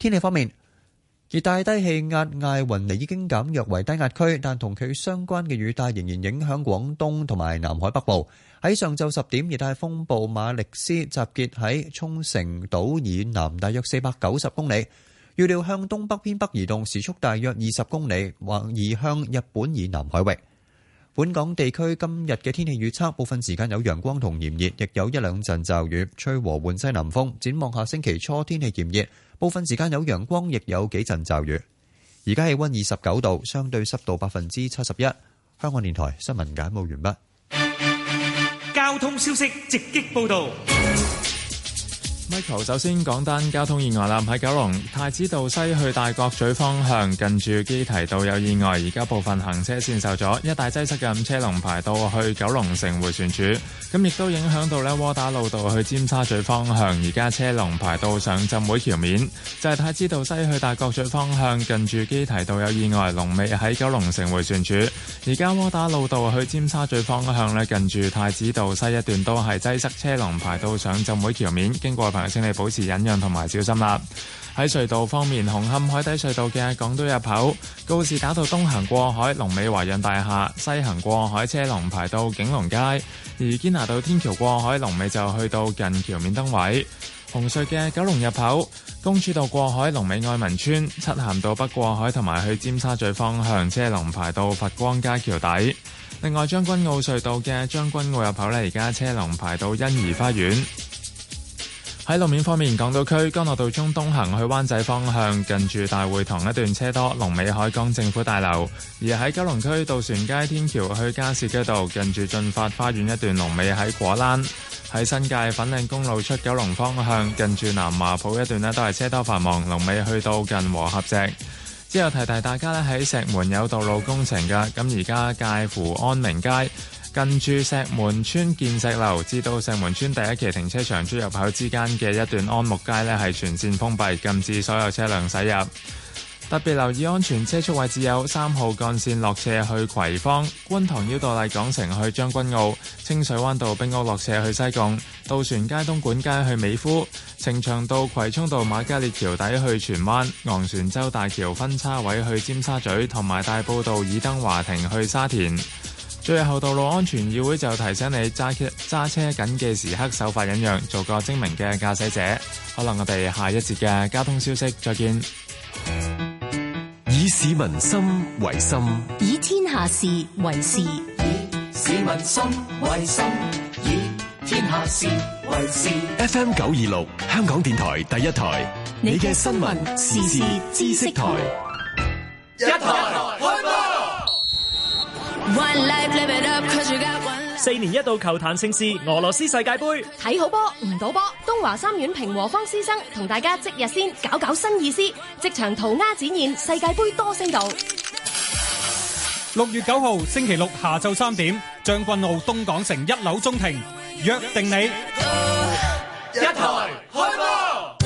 天氣方面，熱帶低氣壓艾雲尼已經減弱為低壓區，但同佢相關嘅雨帶仍然影響廣東同埋南海北部。喺上晝十點，熱帶風暴馬力斯集結喺沖繩島以南大約四百九十公里，預料向東北偏北移動，時速大約二十公里，或移向日本以南海域。本港地區今日嘅天氣預測，部分時間有陽光同炎熱，亦有一兩陣驟雨，吹和緩西南風。展望下星期初，天氣炎熱。部分時間有陽光，亦有幾陣驟雨。而家氣溫二十九度，相對濕度百分之七十一。香港電台新聞簡報完畢。交通消息直擊報導。Michael 首先講單交通意外啦，喺九龍太子道西去大角咀方向，近住基提道有意外，而家部分行車線受阻，一帶擠塞嘅車龍排到去九龍城迴旋處，咁亦都影響到呢窩打路道去尖沙咀方向，而家車龍排到上浸會橋面。就係太子道西去大角咀方向，近住基提道有意外，龍尾喺九龍城迴旋處，而家窩打路道去尖沙咀方向呢近住太子道西一段都係擠塞，車龍排到上浸會橋面，經過。請你保持忍讓同埋小心啦。喺隧道方面，紅磡海底隧道嘅港島入口、告士打道東行過海、龍尾華潤大廈西行過海，車龍排到景隆街；而堅拿道天橋過海龍尾就去到近橋面燈位。紅隧嘅九龍入口、公主道過海龍尾愛民村、漆咸道北過海同埋去尖沙咀方向，車龍排到佛光街橋底。另外，將軍澳隧道嘅將軍澳入口呢，而家車龍排到欣怡花園。喺路面方面，港島區干諾道中東行去灣仔方向，近住大會堂一段車多，龍尾海港政府大樓；而喺九龍區渡船街天橋去加士居道，近住駿發花園一段龍尾喺果欄；喺新界粉嶺公路出九龍方向，近住南華埔一段都係車多繁忙，龍尾去到近和合石之後。提提大家咧，喺石門有道路工程噶，咁而家介乎安明街，近住石門村建石樓，至到石門村第一期停車場出入口之間嘅一段安睦街呢係全線封閉，禁止所有車輛駛入。特別留意安全車速位置有：三號幹線落斜去葵芳、觀塘繞道麗港城去將軍澳、清水灣道冰屋落斜去西貢、渡船街東莞街去美孚、呈祥道葵涌道瑪嘉烈橋底去荃灣、昂船洲大橋分叉位去尖沙咀，同埋大埔道爾登華庭去沙田。最後，道路安全議會就提醒你揸車揸車，謹記時刻守法忍讓，做個精明嘅駕駛者。可能我哋下一節嘅交通消息再見。以市民心為心，以天下事為事。以市民心為心，以天下事為事。FM 九二六，香港電台第一台，你嘅新聞時事知識台，一台開播。四年一度球壇盛事俄羅斯世界盃，睇好波唔賭波。東華三院平和坊師生同大家即日先搞搞新意思，即場塗鴉展現世界盃多星度。六月九號星期六下晝三點，將軍澳東港城一樓中庭約定你。一台開波。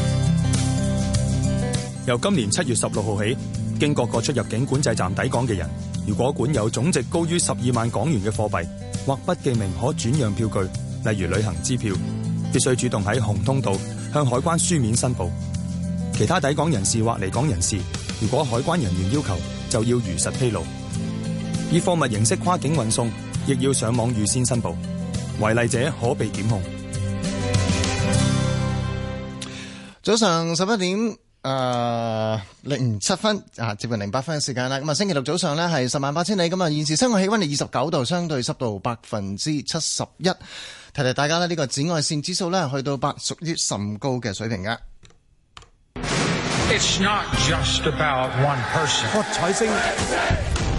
由今年七月十六號起，經各個出入境管制站抵港嘅人。如果管有總值高於十二萬港元嘅貨幣或不記名可轉讓票據，例如旅行支票，必須主動喺紅通道向海關書面申報。其他抵港人士或嚟港人士，如果海關人員要求，就要如實披露。以貨物形式跨境運送，亦要上網預先申報。違例者可被檢控。早上十一點。誒、uh，零七分啊，接近零八分嘅時間啦。咁啊，星期六早上咧係十萬八千里。咁啊，現時室外氣溫係二十九度，相對濕度百分之七十一。提提大家呢，呢個紫外線指數咧去到八，屬於甚高嘅水平㗎。It's not just about one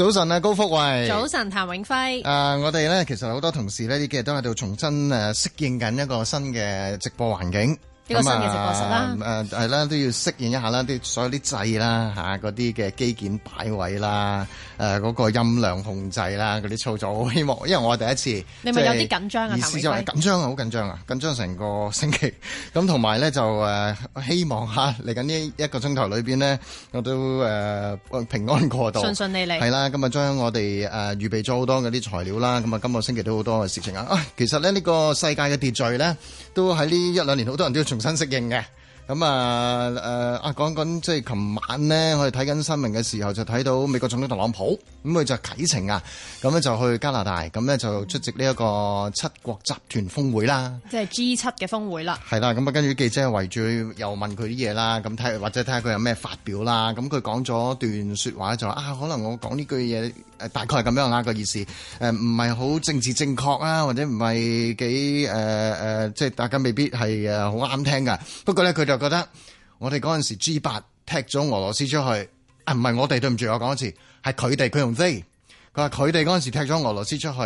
早晨啊，高福慧。早晨，譚永輝。誒、啊，我哋咧，其實好多同事咧，呢幾日都喺度重新誒適、啊、應緊一個新嘅直播環境。呢、這個新嘅直播室啦。誒，啊，係、啊啊、啦，都要適應一下啦，啲所有啲掣啦吓，嗰啲嘅機件擺位啦。啊誒、呃、嗰、那個音量控制啦，嗰啲操作，好希望，因為我係第一次，你咪有啲緊張啊？就是、意思就係緊張啊，好緊張啊，緊張成個星期。咁同埋咧就誒、呃，希望、啊、下嚟緊呢一個鐘頭裏邊咧，我都誒、呃、平安過度，順順利利。係啦，咁啊將我哋誒、呃、預備咗好多嗰啲材料啦，咁啊今個星期都好多嘅事情啊。啊，其實咧呢、這個世界嘅秩序咧，都喺呢一兩年好多人都要重新適應嘅。咁啊誒啊講緊即係琴晚咧，我哋睇緊新聞嘅時候就睇到美國總統特朗普咁，佢就啟程啊，咁咧就去加拿大，咁咧就出席呢一個七國集團峰會啦，即係 G 七嘅峰會啦。係啦，咁啊跟住記者圍住又問佢啲嘢啦，咁睇或者睇下佢有咩發表啦。咁佢講咗段說話就話啊，可能我講呢句嘢誒大概係咁樣啦，個意思誒唔係好政治正確，啊，或者唔係幾誒誒、呃、即係大家未必係誒好啱聽噶。不過咧佢就。覺得我哋嗰陣時 G 八踢咗俄羅斯出去啊，唔係我哋，對唔住我講一次，係佢哋佢用飛佢話佢哋嗰陣時踢咗俄羅斯出去，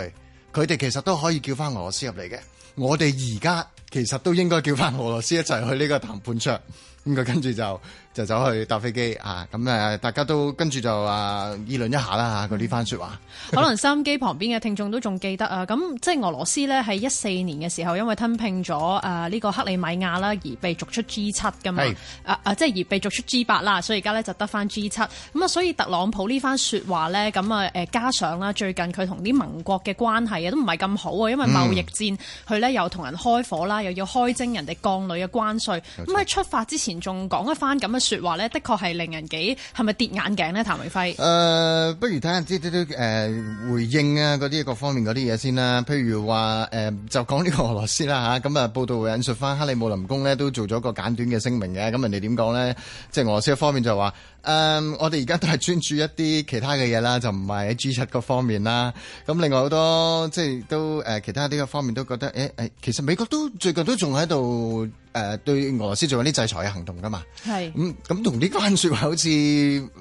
佢哋其實都可以叫翻俄羅斯入嚟嘅。我哋而家其實都應該叫翻俄羅斯一齊去呢個談判桌。 咁佢跟住就就走去搭飛機啊！咁、啊、誒，大家都跟住就啊，議論一下啦嚇佢呢番説話。可能收音機旁邊嘅聽眾都仲記得啊！咁 即係俄羅斯呢，係一四年嘅時候，因為吞併咗誒呢個克里米亞啦，而被逐出 G 七噶嘛。啊啊！即係而被逐出 G 八啦，所以而家呢就得翻 G 七。咁啊，所以特朗普呢番説話呢，咁啊誒加上啦，最近佢同啲盟國嘅關係啊都唔係咁好啊，因為貿易戰佢、嗯、呢又同人開火啦，又要開徵人哋鋼鋁嘅關稅。咁、嗯、喺出發之前。重講一番咁嘅説話咧，的確係令人幾係咪跌眼鏡咧？譚偉輝，誒、呃，不如睇下啲啲啲回應啊，嗰啲各方面嗰啲嘢先啦。譬如話誒、呃，就講呢個俄羅斯啦吓，咁啊、嗯、報道會引述翻克里姆林宮咧，都做咗個簡短嘅聲明嘅。咁、啊、人哋點講咧？即係俄羅斯方面就話誒、呃，我哋而家都係專注一啲其他嘅嘢啦，就唔係喺 G 七嗰方面啦。咁、啊、另外好多即係都誒、呃、其他呢個方面都覺得誒誒、欸欸，其實美國都最近都仲喺度。誒、呃、對俄羅斯做啲制裁嘅行動噶嘛，咁咁同啲關説話好似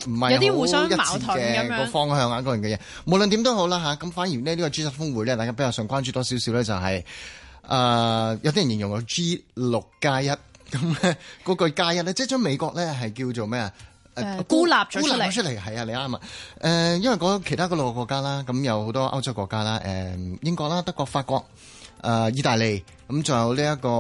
唔係有啲互相矛盾嘅個方向啊，嗰樣嘅嘢，無論點都好啦吓，咁反而呢呢個 G7 峰會咧，大家比較上關注多少少咧，就係誒有啲人形容個 G 六加一咁咧，句加一咧，即係將美國咧係叫做咩啊、呃呃？孤立咗出嚟，孤立出嚟係啊，你啱啊，誒、呃、因為嗰其他嗰六個國家啦，咁有好多歐洲國家啦、嗯，英國啦、德國、法國。誒、呃，意大利咁，仲有呢、這、一個誒、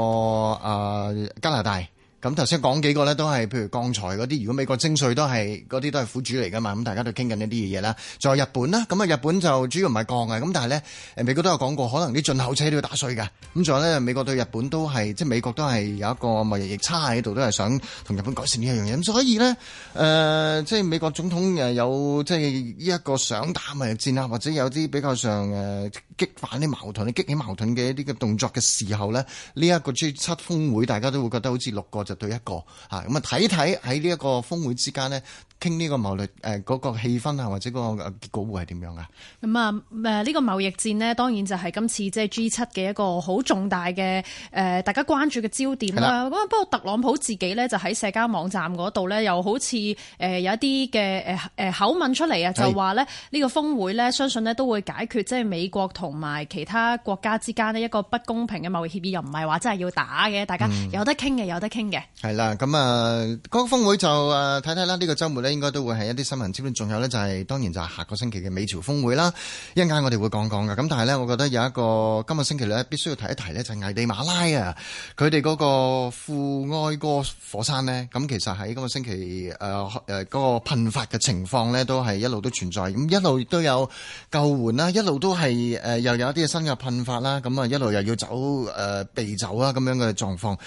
呃、加拿大，咁頭先講幾個咧，都係譬如鋼材嗰啲，如果美國徵稅都係嗰啲都係苦主嚟噶嘛，咁大家都傾緊一啲嘢啦。仲有日本啦，咁啊日本就主要唔係鋼嘅，咁但係咧，美國都有講過，可能啲進口車都要打稅㗎。咁仲有咧，美國對日本都係即美國都係有一個貿易逆差喺度，都係想同日本改善呢一樣嘢。咁所以咧，誒、呃、即美國總統有即係呢一個想打貿易戰啊，或者有啲比較上誒。呃激反啲矛盾，激起矛盾嘅一啲嘅動作嘅時候咧，呢一個 G 七峰會大家都會覺得好似六個就對一個吓。咁啊睇睇喺呢一個峰會之間咧。傾呢個貿易誒嗰、呃嗰個氣氛啊，或者個結果會係點樣啊？咁啊誒呢個貿易戰呢，當然就係今次即係 G 七嘅一個好重大嘅誒、呃，大家關注嘅焦點啦。咁不過特朗普自己咧就喺社交網站嗰度咧，又好似誒、呃、有一啲嘅誒誒口吻出嚟啊，就話咧呢、呢個峰會咧，相信呢都會解決即係美國同埋其他國家之間呢一個不公平嘅貿易協議，又唔係話真係要打嘅，大家有得傾嘅、嗯、有得傾嘅。係啦，咁啊嗰個峯會就誒睇睇啦，呢、呃、個週末咧。應該都會係一啲新聞焦點，仲有呢、就係，就係當然就係下個星期嘅美朝峰會啦，一陣間我哋會講講嘅。咁但係呢，我覺得有一個今個星期呢必須要提一提呢，就係危地馬拉啊，佢哋嗰個富埃哥火山呢，咁其實喺今個星期誒誒嗰個噴發嘅情況呢，都係一路都存在，咁一路都有救援啦，一路都係、呃、又有一啲新嘅噴發啦，咁啊一路又要走誒、呃、避走啊咁樣嘅狀況。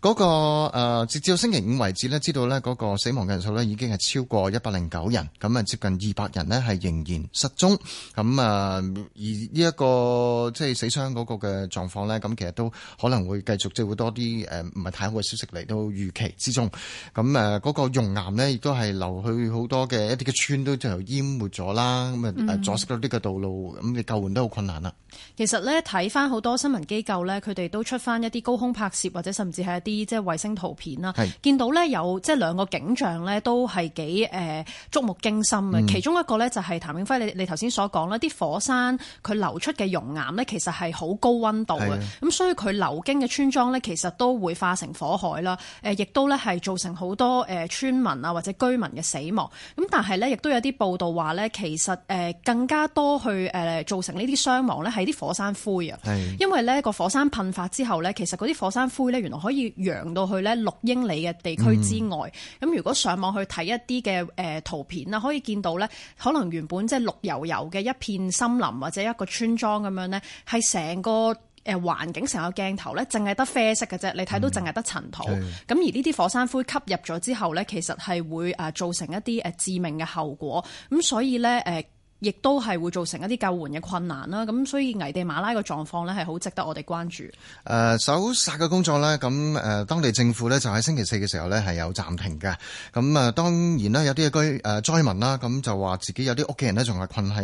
嗰、那個、呃、直至到星期五為止知道呢，嗰個死亡嘅人數呢已經係超過一百零九人，咁啊接近二百人呢係仍然失蹤。咁啊而呢、這、一個即係死傷嗰個嘅狀況呢，咁其實都可能會繼續即係會多啲唔係太好嘅消息嚟到預期之中。咁誒嗰個熔岩呢，亦都係流去好多嘅一啲嘅村都就淹沒咗啦，咁啊阻塞咗呢個道路，咁、嗯、嘅救援都好困難啦。其實呢，睇翻好多新聞機構呢，佢哋都出翻一啲高空拍攝或者甚至係一啲。啲即係衛星圖片啦，見到咧有即係兩個景象咧，都係幾誒觸目驚心嘅、嗯。其中一個咧就係譚永輝，你你頭先所講啦啲火山佢流出嘅熔岩咧，其實係好高溫度嘅，咁所以佢流經嘅村莊咧，其實都會化成火海啦。誒亦都咧係造成好多誒村民啊或者居民嘅死亡。咁但係咧，亦都有啲報道話咧，其實誒更加多去誒造成呢啲傷亡咧，係啲火山灰啊。因為咧個火山噴發之後咧，其實嗰啲火山灰咧，原來可以。揚到去咧六英里嘅地區之外，咁、嗯、如果上網去睇一啲嘅誒圖片啦，可以見到咧，可能原本即係綠油油嘅一片森林或者一個村莊咁樣咧，係成個誒環境成個鏡頭咧，淨係得啡色嘅啫、嗯，你睇到淨係得塵土。咁而呢啲火山灰吸入咗之後咧，其實係會啊造成一啲誒致命嘅後果。咁所以咧誒。呃亦都係會造成一啲救援嘅困難啦，咁所以危地馬拉嘅狀況呢，係好值得我哋關注。呃，誒搜殺嘅工作呢，咁誒當地政府呢，就喺星期四嘅時候呢，係有暫停嘅。咁啊，當然啦，有啲居誒災民啦，咁就話自己有啲屋企人呢，仲係困喺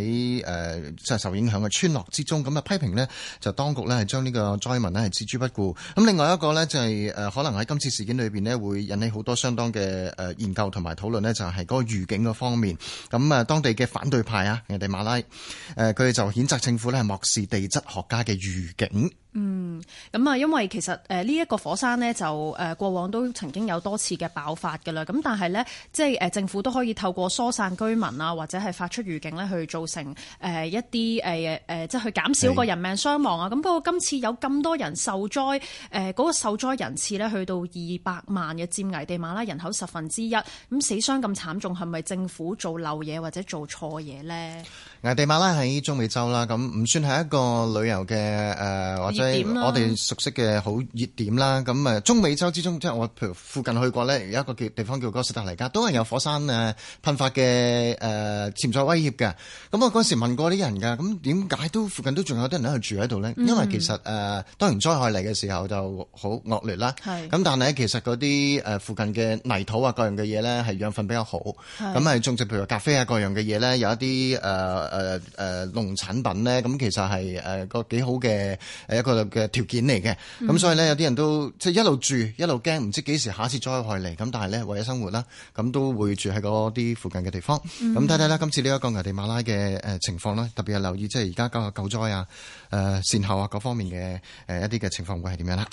誒即係受影響嘅村落之中。咁啊，批評呢，就當局呢，係將呢個災民呢，係置諸不顧。咁另外一個呢，就係可能喺今次事件裏面呢，會引起好多相當嘅誒研究同埋討論呢，就係嗰個預警嘅方面。咁啊，當地嘅反對派啊～人哋危地馬拉，誒佢哋就譴責政府咧，係漠視地質學家嘅預警。嗯，咁啊，因為其實誒呢一個火山呢，就誒過往都曾經有多次嘅爆發㗎喇，咁但係呢，即係政府都可以透過疏散居民啊，或者係發出預警呢，去造成誒一啲誒、呃呃、即係去減少個人命傷亡啊。咁不過今次有咁多人受災，誒、呃、嗰、那個受災人次呢，去到二百萬嘅佔危地馬拉人口十分之一，咁死傷咁慘重，係咪政府做漏嘢或者做錯嘢呢？地馬拉喺中美洲啦，咁唔算係一個旅遊嘅誒，或者我哋熟悉嘅好熱點,點啦。咁中美洲之中即係我譬如附近去過咧，有一個叫地方叫哥斯達黎加，都係有火山誒噴、呃、發嘅誒潛在威脅嘅。咁我嗰時問過啲人㗎，咁點解都附近都仲有啲人喺度住喺度呢、嗯？因為其實誒、呃、當然災害嚟嘅時候就好惡劣啦。咁，但係其實嗰啲、呃、附近嘅泥土啊，各樣嘅嘢咧係養分比較好。係咁係種植譬如咖啡啊，各樣嘅嘢咧有一啲誒誒、呃、誒、呃、農產品咧，咁其實係誒個幾好嘅誒、呃、一個嘅條件嚟嘅。咁、嗯、所以咧，有啲人都即係一路住，一路驚唔知幾時下一次災害嚟。咁但係咧，為咗生活啦，咁都會住喺嗰啲附近嘅地方。咁睇睇啦，今次呢一個危地馬拉嘅誒情況啦，特別係留意即係而家救救災啊、誒、呃、善後啊各方面嘅誒、呃、一啲嘅情況會係點樣啦。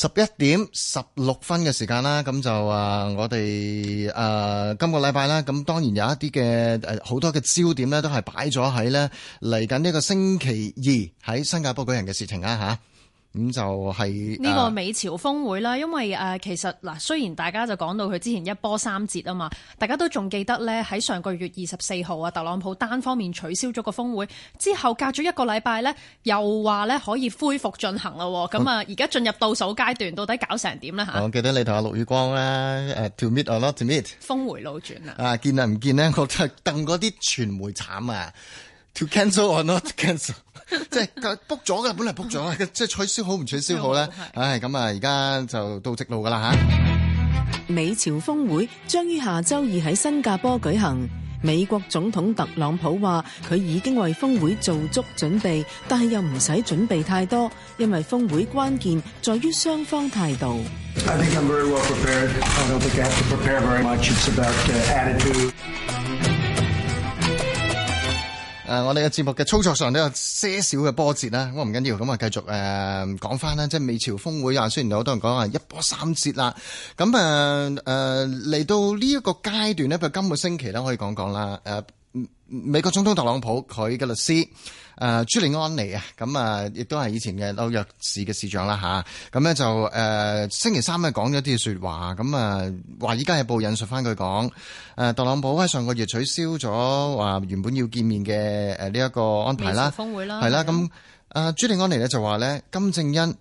十一點十六分嘅時間啦，咁就啊、呃，我哋誒、呃、今個禮拜啦，咁當然有一啲嘅誒好多嘅焦點咧，都係擺咗喺咧嚟緊呢個星期二喺新加坡舉行嘅事情啊。吓。咁就係呢個美朝峰會啦，因為誒其實嗱，雖然大家就講到佢之前一波三折啊嘛，大家都仲記得咧喺上個月二十四號啊，特朗普單方面取消咗個峰會之後，隔咗一個禮拜咧，又話咧可以恢復進行啦。咁啊，而家進入倒數階段，到底搞成點啦吓？我記得你同阿盧宇光啦，to meet or not to meet，峰迴路轉啊！啊，見啊唔見呢？我就戥嗰啲傳媒慘啊！to cancel or not cancel？ 即係 book 咗噶，本嚟 book 咗啦，即 係取消好唔取消好咧？唉、no, no, no, no, no. 哎，咁啊，而家就到直路噶啦吓，美朝峰會將於下周二喺新加坡舉行。美國總統特朗普話：佢已經為峰會做足準備，但係又唔使準備太多，因為峰會關鍵在於雙方態度。誒、呃，我哋嘅節目嘅操作上都有些少嘅波折啦，我唔緊要，咁啊繼續誒講返啦，即係美朝峰會啊，雖然有好多人講話一波三折啦，咁啊誒嚟到呢一個階段咧，譬如今個星期咧，可以講講啦，呃美國總統特朗普佢嘅律師，誒、啊、朱利安尼啊，咁啊亦都係以前嘅紐約市嘅市長啦吓，咁咧就誒星期三啊講咗啲說話，咁啊話依家係報引述翻佢講，誒、啊、特朗普喺上個月取消咗話、啊、原本要見面嘅誒呢一個安排峰會啦，係啦、啊，咁、啊啊啊啊啊、朱利安尼咧就話咧金正恩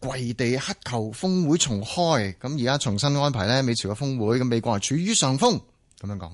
跪地乞求峰會重開，咁而家重新安排咧美朝嘅峰會，咁、啊、美國係處於上風。咁樣講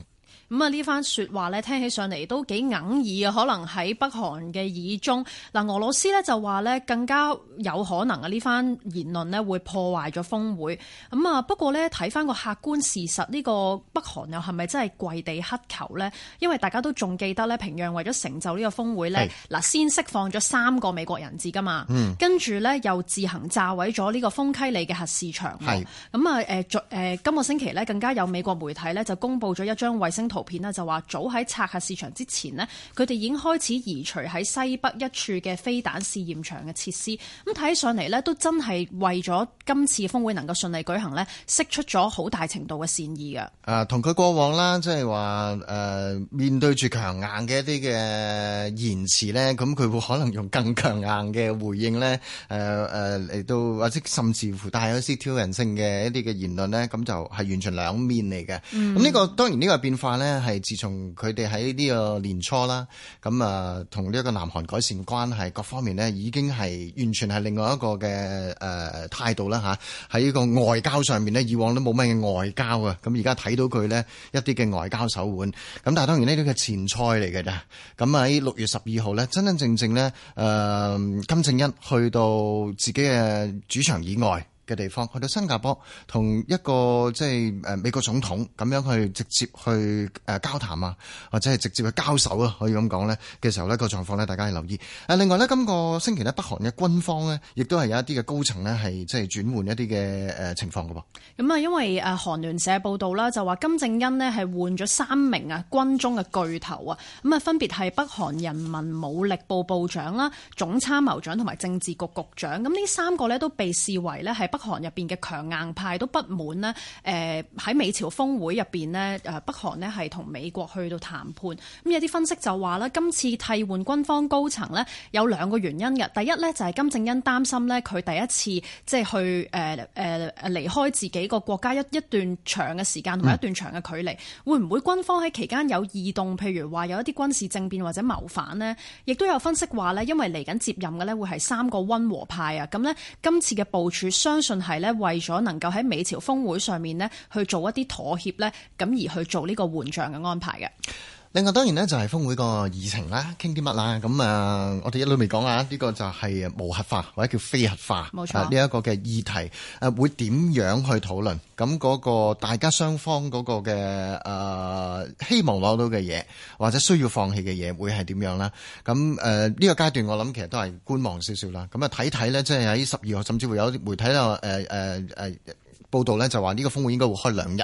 咁啊呢番說話咧聽起上嚟都幾哽耳啊！可能喺北韓嘅耳中，嗱俄羅斯咧就話咧更加有可能啊！呢番言論呢會破壞咗峰會。咁啊不過呢睇翻個客觀事實，呢、這個北韓又係咪真係跪地乞求呢？因為大家都仲記得呢，平壤為咗成就呢個峰會呢，嗱先釋放咗三個美國人質噶嘛，跟住呢又自行炸毀咗呢個豐溪里嘅核試場。咁啊、嗯呃呃、今個星期呢更加有美國媒體呢就公布咗一張衛星圖。片咧就話早喺拆核市場之前咧，佢哋已經開始移除喺西北一處嘅飛彈試驗場嘅設施。咁睇上嚟咧，都真係為咗今次峰會能夠順利舉行咧，釋出咗好大程度嘅善意嘅。誒、啊，同佢過往啦，即係話誒面對住強硬嘅一啲嘅言辭咧，咁佢會可能用更強硬嘅回應咧。誒誒嚟到，或、呃、者甚至乎帶有啲挑釁性嘅一啲嘅言論咧，咁就係、是、完全兩面嚟嘅。咁、嗯、呢、這個當然呢個變化咧。係自從佢哋喺呢個年初啦，咁啊同呢一個南韓改善關係，各方面呢，已經係完全係另外一個嘅、誒態度啦吓。喺、啊、呢個外交上面呢，以往都冇乜嘅外交啊。咁而家睇到佢呢，一啲嘅外交手腕。咁但係當然是呢，呢個前菜嚟嘅咋。咁喺六月十二號呢，真真正正呢，誒、呃、金正恩去到自己嘅主場以外。嘅地方去到新加坡，同一個即係誒美國總統咁樣去直接去誒交談啊，或者係直接去交手啊，可以咁講咧嘅時候咧，個狀況咧，大家要留意。誒。另外咧，今個星期咧，北韓嘅軍方咧，亦都係有一啲嘅高層咧，係即係轉換一啲嘅誒情況噶噃。咁啊，因為誒韓聯社報道啦，就話金正恩咧係換咗三名啊軍中嘅巨頭啊，咁啊分別係北韓人民武力部部長啦、總參謀長同埋政治局局長，咁呢三個咧都被視為咧係。北韓入邊嘅強硬派都不滿咧，誒、呃、喺美朝峰會入邊咧，誒北韓咧係同美國去到談判，咁有啲分析就話咧，今次替換軍方高層咧有兩個原因嘅，第一咧就係金正恩擔心咧佢第一次即係去誒誒、呃呃、離開自己個國家一段長嘅時同一段長嘅時間同一段長嘅距離，會唔會軍方喺期間有異動，譬如話有一啲軍事政變或者謀反呢，亦都有分析話咧，因為嚟緊接任嘅咧會係三個温和派啊，咁咧今次嘅部署相信係咧，為咗能夠喺美朝峰會上面呢去做一啲妥協呢，咁而去做呢個換將嘅安排嘅。另外當然咧就係峰會個議程啦，傾啲乜啦？咁啊，我哋一路未講啊，呢、這個就係無核化或者叫非核化冇錯呢一、啊這個嘅議題，誒會點樣去討論？咁、那、嗰個大家雙方嗰個嘅誒、呃、希望攞到嘅嘢，或者需要放棄嘅嘢，會係點樣啦？咁誒呢個階段我諗其實都係觀望少少啦。咁啊睇睇咧，即係喺十二號甚至會有啲媒體咧誒誒誒。呃呃呃報道呢就話呢個峯會應該會開兩日，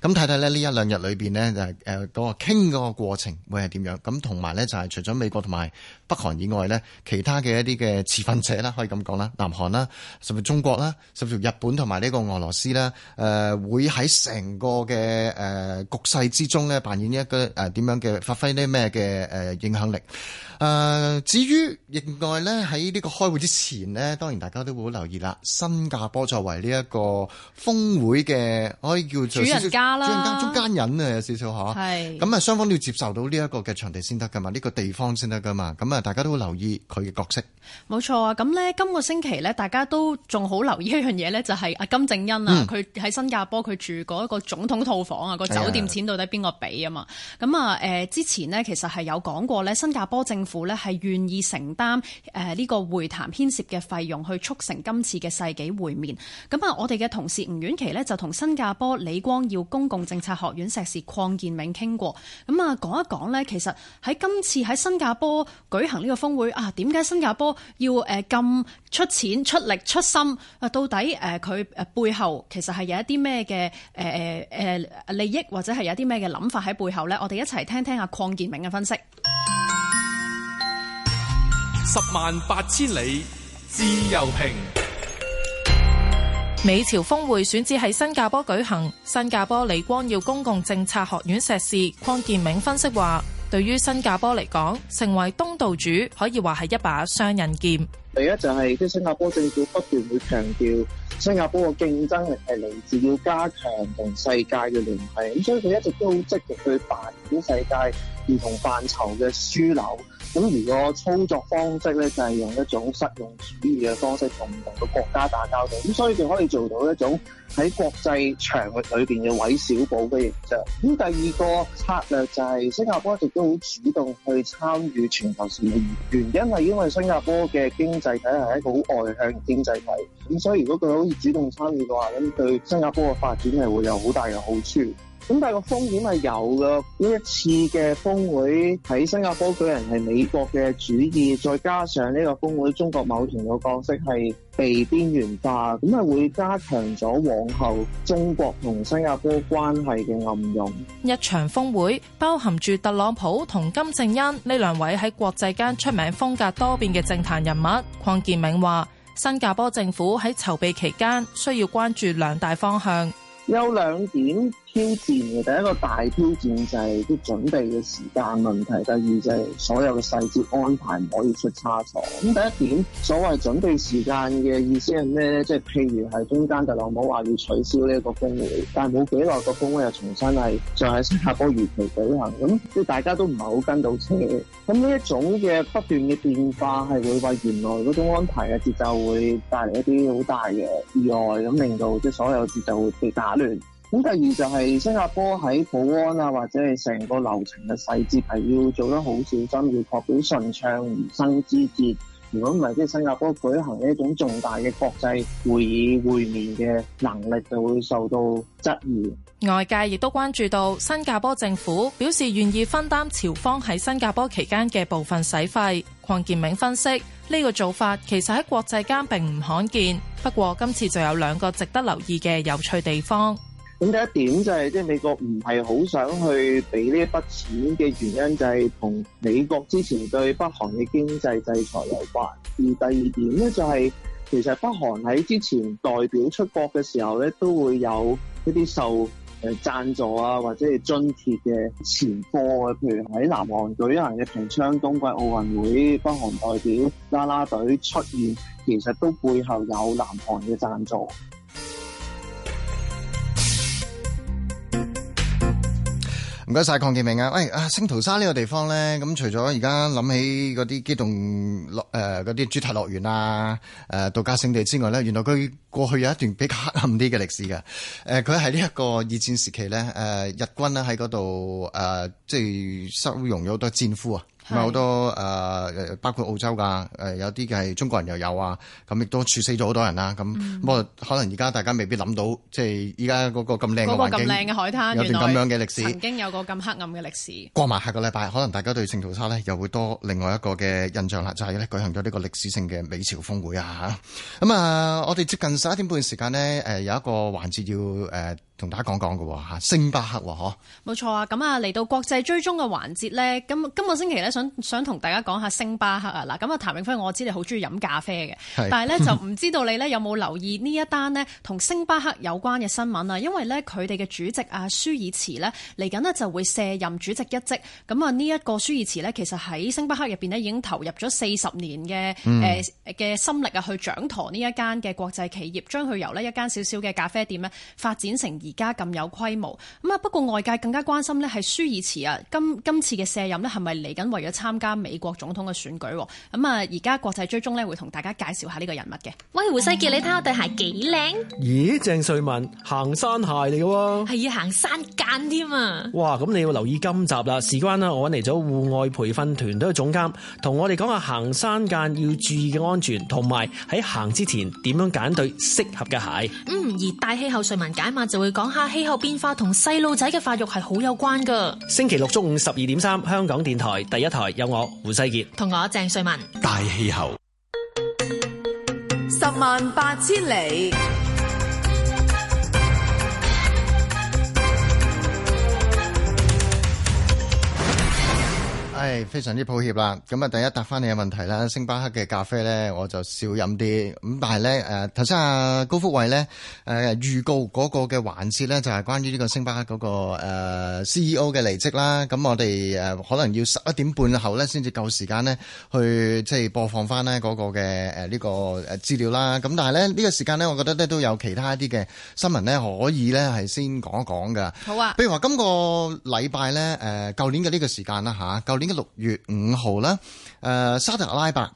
咁睇睇呢呢一兩日裏邊呢，就係誒嗰個傾嗰個過程會係點樣？咁同埋呢，就係除咗美國同埋北韓以外呢，其他嘅一啲嘅持份者啦，可以咁講啦，南韓啦，甚至中國啦，甚至日本同埋呢個俄羅斯啦，誒、呃、會喺成個嘅誒局勢之中呢，扮演一個誒點樣嘅發揮呢咩嘅誒影響力？誒、呃、至於另外呢，喺呢個開會之前呢，當然大家都會好留意啦，新加坡作為呢一個工會嘅可以叫做少少少主人家啦家人少少，中間人啊，有少少嚇。係咁啊，雙方都要接受到呢一個嘅場地先得噶嘛，呢、呢個地方先得噶嘛。咁啊，大家都會留意佢嘅角色冇錯啊。咁咧，今個星期咧，大家都仲好留意一樣嘢咧，就係、是、阿金正恩啊。佢、嗯、喺新加坡佢住嗰一個總統套房啊，個酒店錢到底邊個俾啊嘛？咁啊，誒之前呢，其實係有講過咧，新加坡政府咧係願意承擔誒呢個會談牽涉嘅費用，去促成今次嘅世紀會面。咁啊，我哋嘅同事。彭遠期呢就同新加坡李光耀公共政策學院碩士鄺建銘，傾過，咁啊講一講呢，其實喺今次喺新加坡舉行呢個峰會啊，點解新加坡要誒咁、呃、出錢出力出心啊？到底誒佢誒背後其實係有一啲咩嘅誒誒誒利益，或者係有啲咩嘅諗法喺背後呢，我哋一齊聽聽阿鄺建銘嘅分析。十萬八千里自由平。美朝峰會選址喺新加坡舉行，新加坡李光耀公共政策學院碩士鄺建銘分析話，對於新加坡嚟講，成為東道主可以話係一把雙刃劍。第一就係即新加坡政府不斷會強調，新加坡嘅競爭力係嚟自要加強同世界嘅聯繫，咁所以佢一直都好積極去扮演世界唔同範疇嘅樞紐。咁如果操作方式咧，就係、是、用一種實用主義嘅方式同唔同嘅國家打交道，咁所以佢可以做到一種喺國際場域裏邊嘅韋小寶嘅形象。咁第二個策略就係、是、新加坡亦都好主動去參與全球事務，原因係因為新加坡嘅經濟體係一個好外向嘅經濟體，咁所以如果佢好易主動參與嘅話，咁對新加坡嘅發展係會有好大嘅好處。咁但係個風險係有嘅，呢一次嘅峰會喺新加坡舉行係美國嘅主意，再加上呢個峰會中國冇重要嘅角色係被邊緣化，咁係會加強咗往後中國同新加坡關係嘅暗湧。一場峰會包含住特朗普同金正恩呢兩位喺國際間出名風格多變嘅政壇人物。鄺建明話：新加坡政府喺籌備期間需要關注兩大方向，有兩點。挑戰嘅第一個大挑戰就係啲準備嘅時間問題，第二就係所有嘅細節安排唔可以出差錯。咁第一點，所謂準備時間嘅意思係咩咧？即係譬如係中間特朗普話要取消呢一個峰會，但係冇幾耐個峰會又重新係，就喺新加坡如期舉行。咁即係大家都唔係好跟到車。咁呢一種嘅不斷嘅變化，係會為原來嗰種安排嘅節奏，會帶嚟一啲好大嘅意外，咁令到即係所有節奏會被打亂。咁第二就係新加坡喺保安啊，或者係成個流程嘅細節係要做得好小心，要確保順暢唔生枝節，如果唔係即係新加坡舉行呢一種重大嘅國際會議會面嘅能力就會受到質疑。外界亦都關注到新加坡政府表示願意分擔朝方喺新加坡期間嘅部分使費，鄺建銘分析呢、這個做法其實喺國際間並唔罕見，不過今次就有兩個值得留意嘅有趣地方。咁第一點就係，即係美國唔係好想去俾呢一筆錢嘅原因，就係同美國之前對北韓嘅經濟制裁有關。而第二點咧，就係其實北韓喺之前代表出國嘅時候咧，都會有一啲受誒贊助啊，或者係津貼嘅前科啊，譬如喺南韓舉行嘅平昌冬季奧運會，北韓代表啦啦隊出現，其實都背後有南韓嘅贊助。唔該晒，鄺建明啊！喂啊，聖淘沙呢個地方咧，咁除咗而家諗起嗰啲機動樂誒嗰啲主題樂園啊、誒、呃、度假勝地之外咧，原來佢過去有一段比較黑暗啲嘅歷史㗎。誒、呃，佢喺呢一個二戰時期咧，誒、呃、日軍咧喺嗰度誒，即、呃、係、就是、收容咗好多戰俘啊！好多誒，包括澳洲㗎，有啲係中國人又有啊，咁亦都處死咗好多人啦，咁不過，可能而家大家未必諗到，即係而家嗰個咁靚嘅環境，那個、海灘有段咁樣嘅歷史，曾經有個咁黑暗嘅歷史。過埋下個禮拜，可能大家對聖淘沙呢又會多另外一個嘅印象啦，就係、是、咧舉行咗呢個歷史性嘅美朝峰會啊咁啊，我哋接近十一點半時間呢、呃，有一個環節要誒。呃同大家講講嘅星巴克喎，冇錯啊。咁啊，嚟到國際追蹤嘅環節呢，咁今個星期呢，想想同大家講下星巴克啊。嗱，咁啊，譚永輝，我知你好中意飲咖啡嘅，但係呢，就唔知道你呢有冇留意呢一單呢同星巴克有關嘅新聞啊？ 因為呢，佢哋嘅主席啊，舒爾茨呢嚟緊呢就會卸任主席一職。咁啊，呢一個舒爾茨呢，其實喺星巴克入邊呢已經投入咗四十年嘅誒嘅心力啊，去掌舵呢一間嘅國際企業，將佢由呢一間小小嘅咖啡店呢發展成而家咁有規模咁啊！不過外界更加關心呢係舒爾茨啊，今今次嘅卸任咧，係咪嚟緊為咗參加美國總統嘅選舉？咁啊，而家國際追蹤呢，會同大家介紹下呢個人物嘅。喂，胡世傑，你睇下對鞋幾靚？咦，鄭瑞文行山鞋嚟嘅喎，係要行山間添啊！哇，咁你要留意今集啦，事關啦，我揾嚟咗戶外培訓團隊嘅總監，同我哋講下行山間要注意嘅安全，同埋喺行之前點樣揀對適合嘅鞋。嗯，而大氣候瑞文解碼就會。講下氣候變化同細路仔嘅發育係好有關㗎。星期六中午十二點三，香港電台第一台有我胡世傑同我鄭瑞文。大氣候，十萬八千里。係非常之抱歉啦，咁啊第一答翻你嘅問題啦，星巴克嘅咖啡咧我就少飲啲，咁但係咧，誒頭先阿高福慧咧，誒預告嗰個嘅環節咧就係關於呢個星巴克嗰個誒 CEO 嘅離職啦，咁我哋誒可能要十一點半後咧先至夠時間咧去即係播放翻咧嗰個嘅誒呢個誒資料啦，咁但係咧呢個時間咧，我覺得咧都有其他一啲嘅新聞咧可以咧係先講一講噶。好啊，比如話今個禮拜咧誒舊年嘅呢個時間啦吓，舊點解六月五號啦，誒沙特、阿拉伯、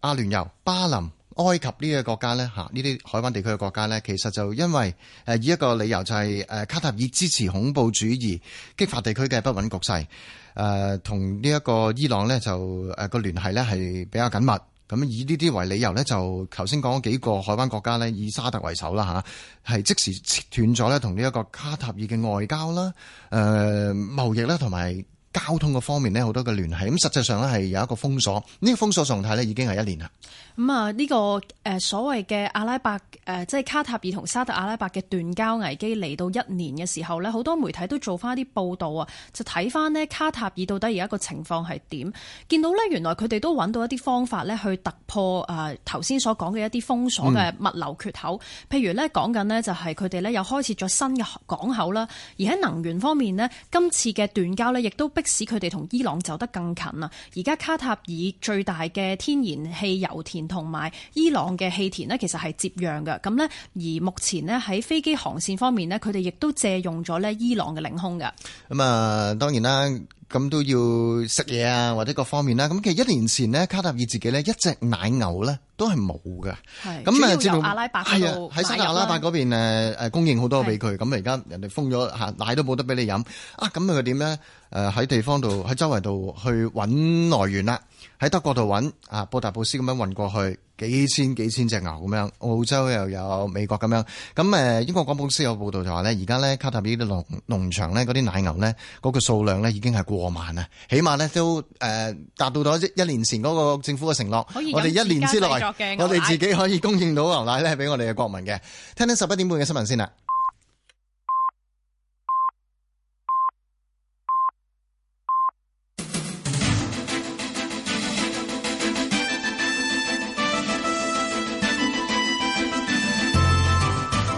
阿聯酋、巴林、埃及呢個國家咧嚇，呢啲海灣地區嘅國家咧，其實就因為誒以一個理由就係、是、誒卡塔爾支持恐怖主義，激發地區嘅不穩局勢，誒同呢一個伊朗咧就誒個、呃、聯繫咧係比較緊密，咁以呢啲為理由咧就頭先講咗幾個海灣國家咧，以沙特為首啦嚇，係、啊、即時切斷咗咧同呢一個卡塔爾嘅外交啦、誒、呃、貿易啦同埋，交通嘅方面呢，好多嘅聯繫，咁實際上呢，係有一個封鎖呢、呢個封鎖狀態呢，已經係一年啦、嗯。咁、這、啊、個，呢個誒所謂嘅阿拉伯誒、呃、即係卡塔爾同沙特阿拉伯嘅斷交危機嚟到一年嘅時候呢，好多媒體都做翻一啲報道啊，就睇翻呢，卡塔爾到底而家個情況係點？見到呢，原來佢哋都揾到一啲方法呢，去突破誒頭先所講嘅一啲封鎖嘅物流缺口，嗯、譬如呢講緊呢，就係佢哋呢又開設咗新嘅港口啦，而喺能源方面呢，今次嘅斷交呢亦都。即使佢哋同伊朗走得更近啊！而家卡塔爾最大嘅天然氣油田同埋伊朗嘅氣田呢，其實係接壤嘅。咁呢，而目前呢，喺飛機航線方面呢，佢哋亦都借用咗呢伊朗嘅領空嘅。咁、嗯、啊、呃，當然啦。咁都要食嘢啊，或者各方面啦。咁其實一年前咧，卡塔爾自己咧一隻奶牛咧都係冇嘅。係，咁啊，主要由阿拉伯喺啊，喺沙特阿拉伯嗰邊誒誒供應好多俾佢。咁而家人哋封咗嚇，奶都冇得俾你飲啊。咁佢點咧？誒喺地方度，喺周圍度去揾來源啦。喺德國度揾啊，布達布斯咁樣運過去。幾千幾千隻牛咁樣，澳洲又有美國咁樣，咁誒英國廣播公司有報導就話咧，而家咧卡塔爾啲農農場咧嗰啲奶牛咧嗰個數量咧已經係過萬喇，起碼咧都誒達到咗一年前嗰個政府嘅承諾，我哋一年之內，我哋自己可以供應到牛奶咧俾我哋嘅國民嘅， 聽聽十一點半嘅新聞先啦。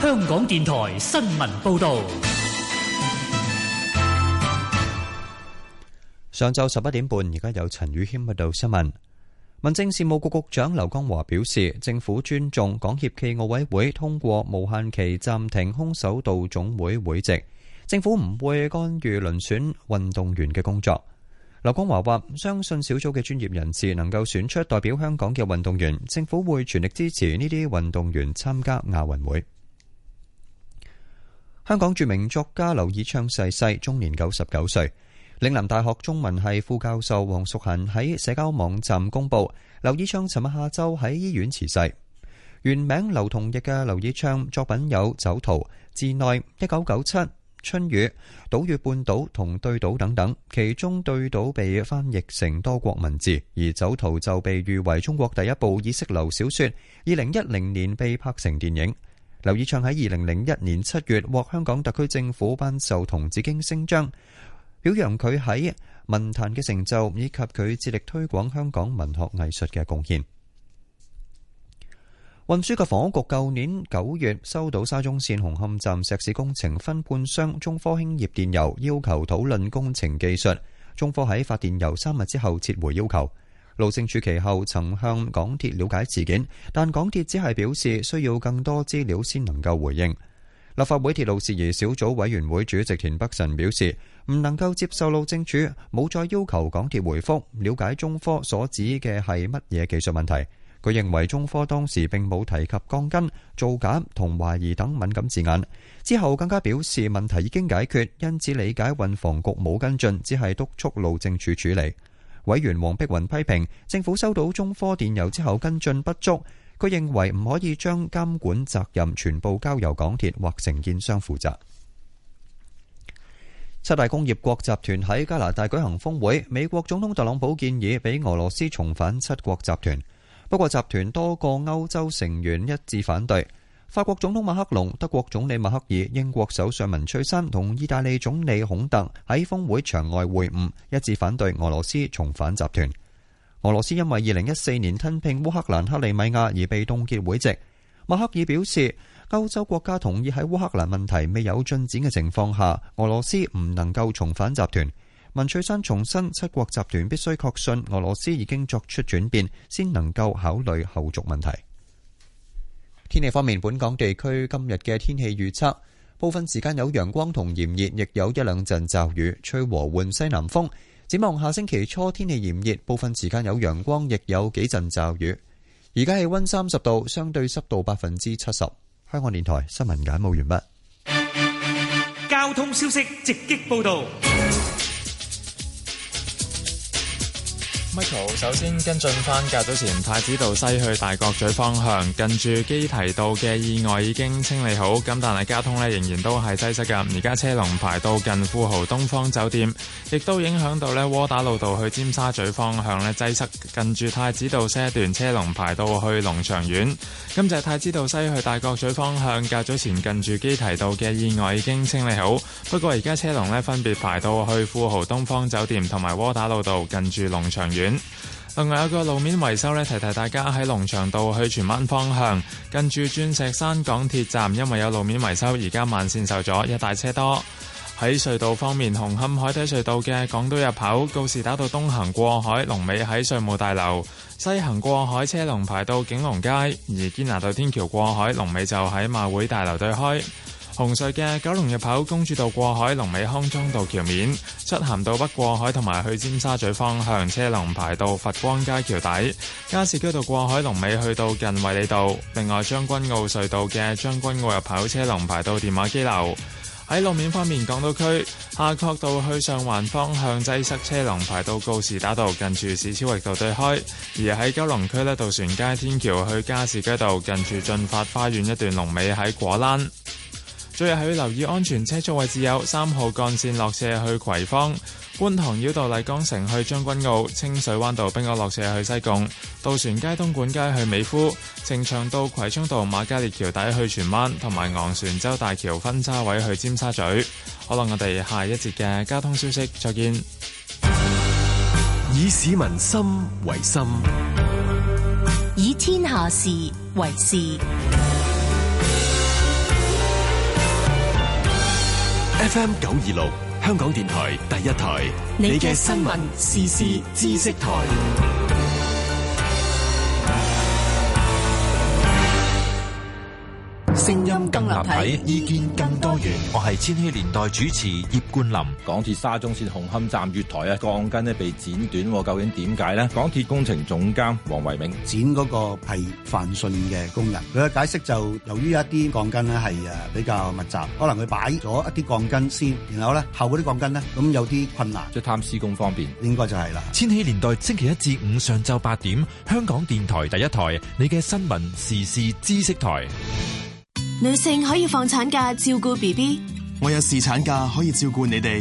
香港電台新聞報道：上晝十一點半，而家有陳宇謙報道新聞。民政事務局局長劉江華表示，政府尊重港協暨奧委會通過無限期暫停空手道總會會籍。政府唔會干預遴選運動員嘅工作。劉江華話：相信小組嘅專業人士能夠選出代表香港嘅運動員。政府會全力支持呢啲運動員參加亞運會。香港著名作家劉以鬯歲終年。劉以暢喺二零零一年七月獲香港特區政府頒授銅紫荊星章，表揚佢喺文壇嘅成就以及佢致力推廣香港文學藝術嘅貢獻。運輸及房屋局舊年九月收到沙中綫紅磡站石屎工程分判商中科興業電郵要求討論工程技術，中科喺發電郵三日之後撤回要求。路政署其後曾向港鐵了解事件，但港鐵只係表示需要更多資料先能夠回應。立法會鐵路事宜小組委員會主席田北辰表示，唔能夠接受路政署，冇再要求港鐵回覆了解中科所指嘅係乜嘢技術問題。佢認為中科當時並冇提及鋼筋，造假、同懷疑等敏感字眼。之後更加表示問題已經解決，因此理解運房局冇跟進，只係督促路政署處理。委員黃碧雲批評政府收到中科電郵之後跟進不足，佢認為唔可以將監管責任全部交由港鐵或承建商負責。七大工業國集團喺加拿大舉行峰會，美國總統特朗普建議俾俄羅斯重返七國集團，不過集團多個歐洲成員一致反對。法國總統馬克龍、德國總理默克爾、英國首相文翠珊同意大利總理孔特喺峰會場外會晤，一致反對俄羅斯重返集團。俄羅斯因為二零一四年吞併烏克蘭克里米亞而被凍結會籍。默克爾表示，歐洲國家同意喺烏克蘭問題未有進展嘅情況下，俄羅斯唔能夠重返集團。文翠珊重申，七國集團必須確信俄羅斯已經作出轉變，先能夠考慮後續問題。天氣方面，本港地區今日嘅天氣預測，部分時間有陽光同炎熱，亦有一兩陣驟雨，吹和緩西南風。展望下星期初天氣炎熱，部分時間有陽光，亦有幾陣驟雨。而家氣温三十度，相對濕度百分之七十。香港電台新聞簡報完畢。交通消息直擊報道。Michael 首先跟進翻，較早前太子道西去大角咀方向近住基堤道嘅意外已經清理好，咁但係交通呢，仍然都係擠塞噶。而家車龍排到近富豪東方酒店，亦都影響到呢窩打老道去尖沙咀方向呢擠塞，近住太子道西一段車龍排到去龍翔苑。咁就係太子道西去大角咀方向，較早前近住基堤道嘅意外已經清理好，不過而家車龍呢，分別排到去富豪東方酒店同埋窩打老道近住龍翔苑。另外有個路面維修呢，提提大家喺龍翔道去荃灣方向，近住鑽石山港鐵站，因為有路面維修，而家慢線受阻，一大車多。喺隧道方面，紅磡海底隧道嘅港島入口告士打道東行過海，龍尾喺稅務大樓；西行過海，車龍排到景隆街。而堅拿道天橋過海，龍尾就喺馬會大樓對開。紅隧嘅九龍入口公主道過海、龍尾康莊道橋面、漆咸道北過海同埋去尖沙咀方向車龍排到佛光街橋底；加士居道過海龍尾去到近衛理道。另外將軍澳隧道嘅將軍澳入口車龍排到電話機樓。喺路面方面，港島區夏慤道去上環方向擠塞，車龍排到告士打道近住史釗域道對開。而喺九龍區呢，渡船街天橋去加士居道近住駿發花園一段，龍尾喺果欄。最近係要留意安全車速位置，有三號幹線落斜去葵芳、觀塘繞道麗江城去將軍澳、清水灣道冰我落斜去西貢、渡船街東莞街去美孚、呈祥道葵涌道瑪嘉烈橋底去荃灣，同埋昂船洲大橋分叉位去尖沙咀。好啦，我哋下一節嘅交通消息，再見。以市民心為心，以天下事為事。FM 九二六，香港電台第一台，你嘅新聞、時事、知識台。聲音更立體，意見更多元。我係千禧年代主持葉冠霖。港鐵沙中線紅磡站月台啊，鋼筋呢被剪短，究竟點解呢？港鐵工程總監黃維明剪嗰個係分判嘅工人。佢嘅解釋就由於一啲鋼筋咧係誒比較密集，可能佢擺咗一啲鋼筋先，然後咧後嗰啲鋼筋呢，咁有啲困難，即係貪施工方便。應該就係啦。千禧年代星期一至五上晝八點，香港電台第一台，你嘅新聞時事知識台。女性可以放產假照顧 B B，我有侍產假可以照顧你哋。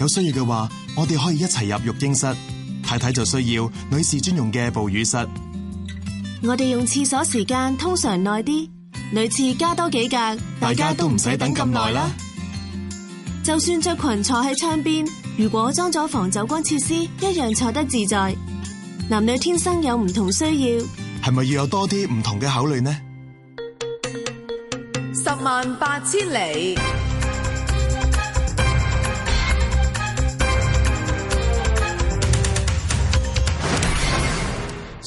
有需要嘅話，我哋可以一齊入育嬰室。太太就需要女士專用嘅哺乳室。我哋用廁所時間通常耐啲，女廁加多幾格，大家都唔使等咁耐啦。就算着裙坐喺窗邊，如果裝咗防走光設施，一樣坐得自在。男女天生有唔同需要，係咪要有多啲唔同嘅考慮呢？十萬八千里。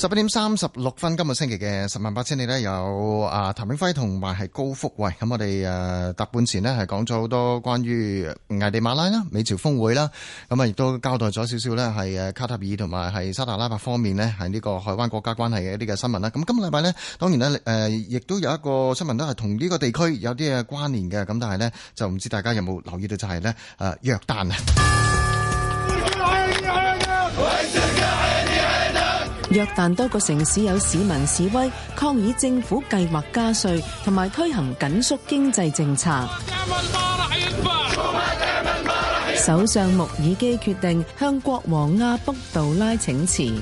十八點三十六分，今個星期嘅十萬八千里呢，有啊譚永輝同埋係高福喂，咁我哋誒踏半前呢，係講咗好多關於危地馬拉啦、美朝峰會啦，咁啊亦都交代咗少少呢，係誒卡塔爾同埋係沙特阿拉伯方面呢，係呢個海灣國家關係嘅一啲嘅新聞啦。咁今個禮拜呢，當然呢，誒亦都有一個新聞都係同呢個地區有啲嘅關聯嘅，咁但係呢，就唔知大家有冇留意到就係呢誒約旦啊！約旦多個城市有市民示威，抗議政府計劃加稅同埋推行緊縮經濟政策。首相穆爾基決定向國王阿卜杜拉請辭。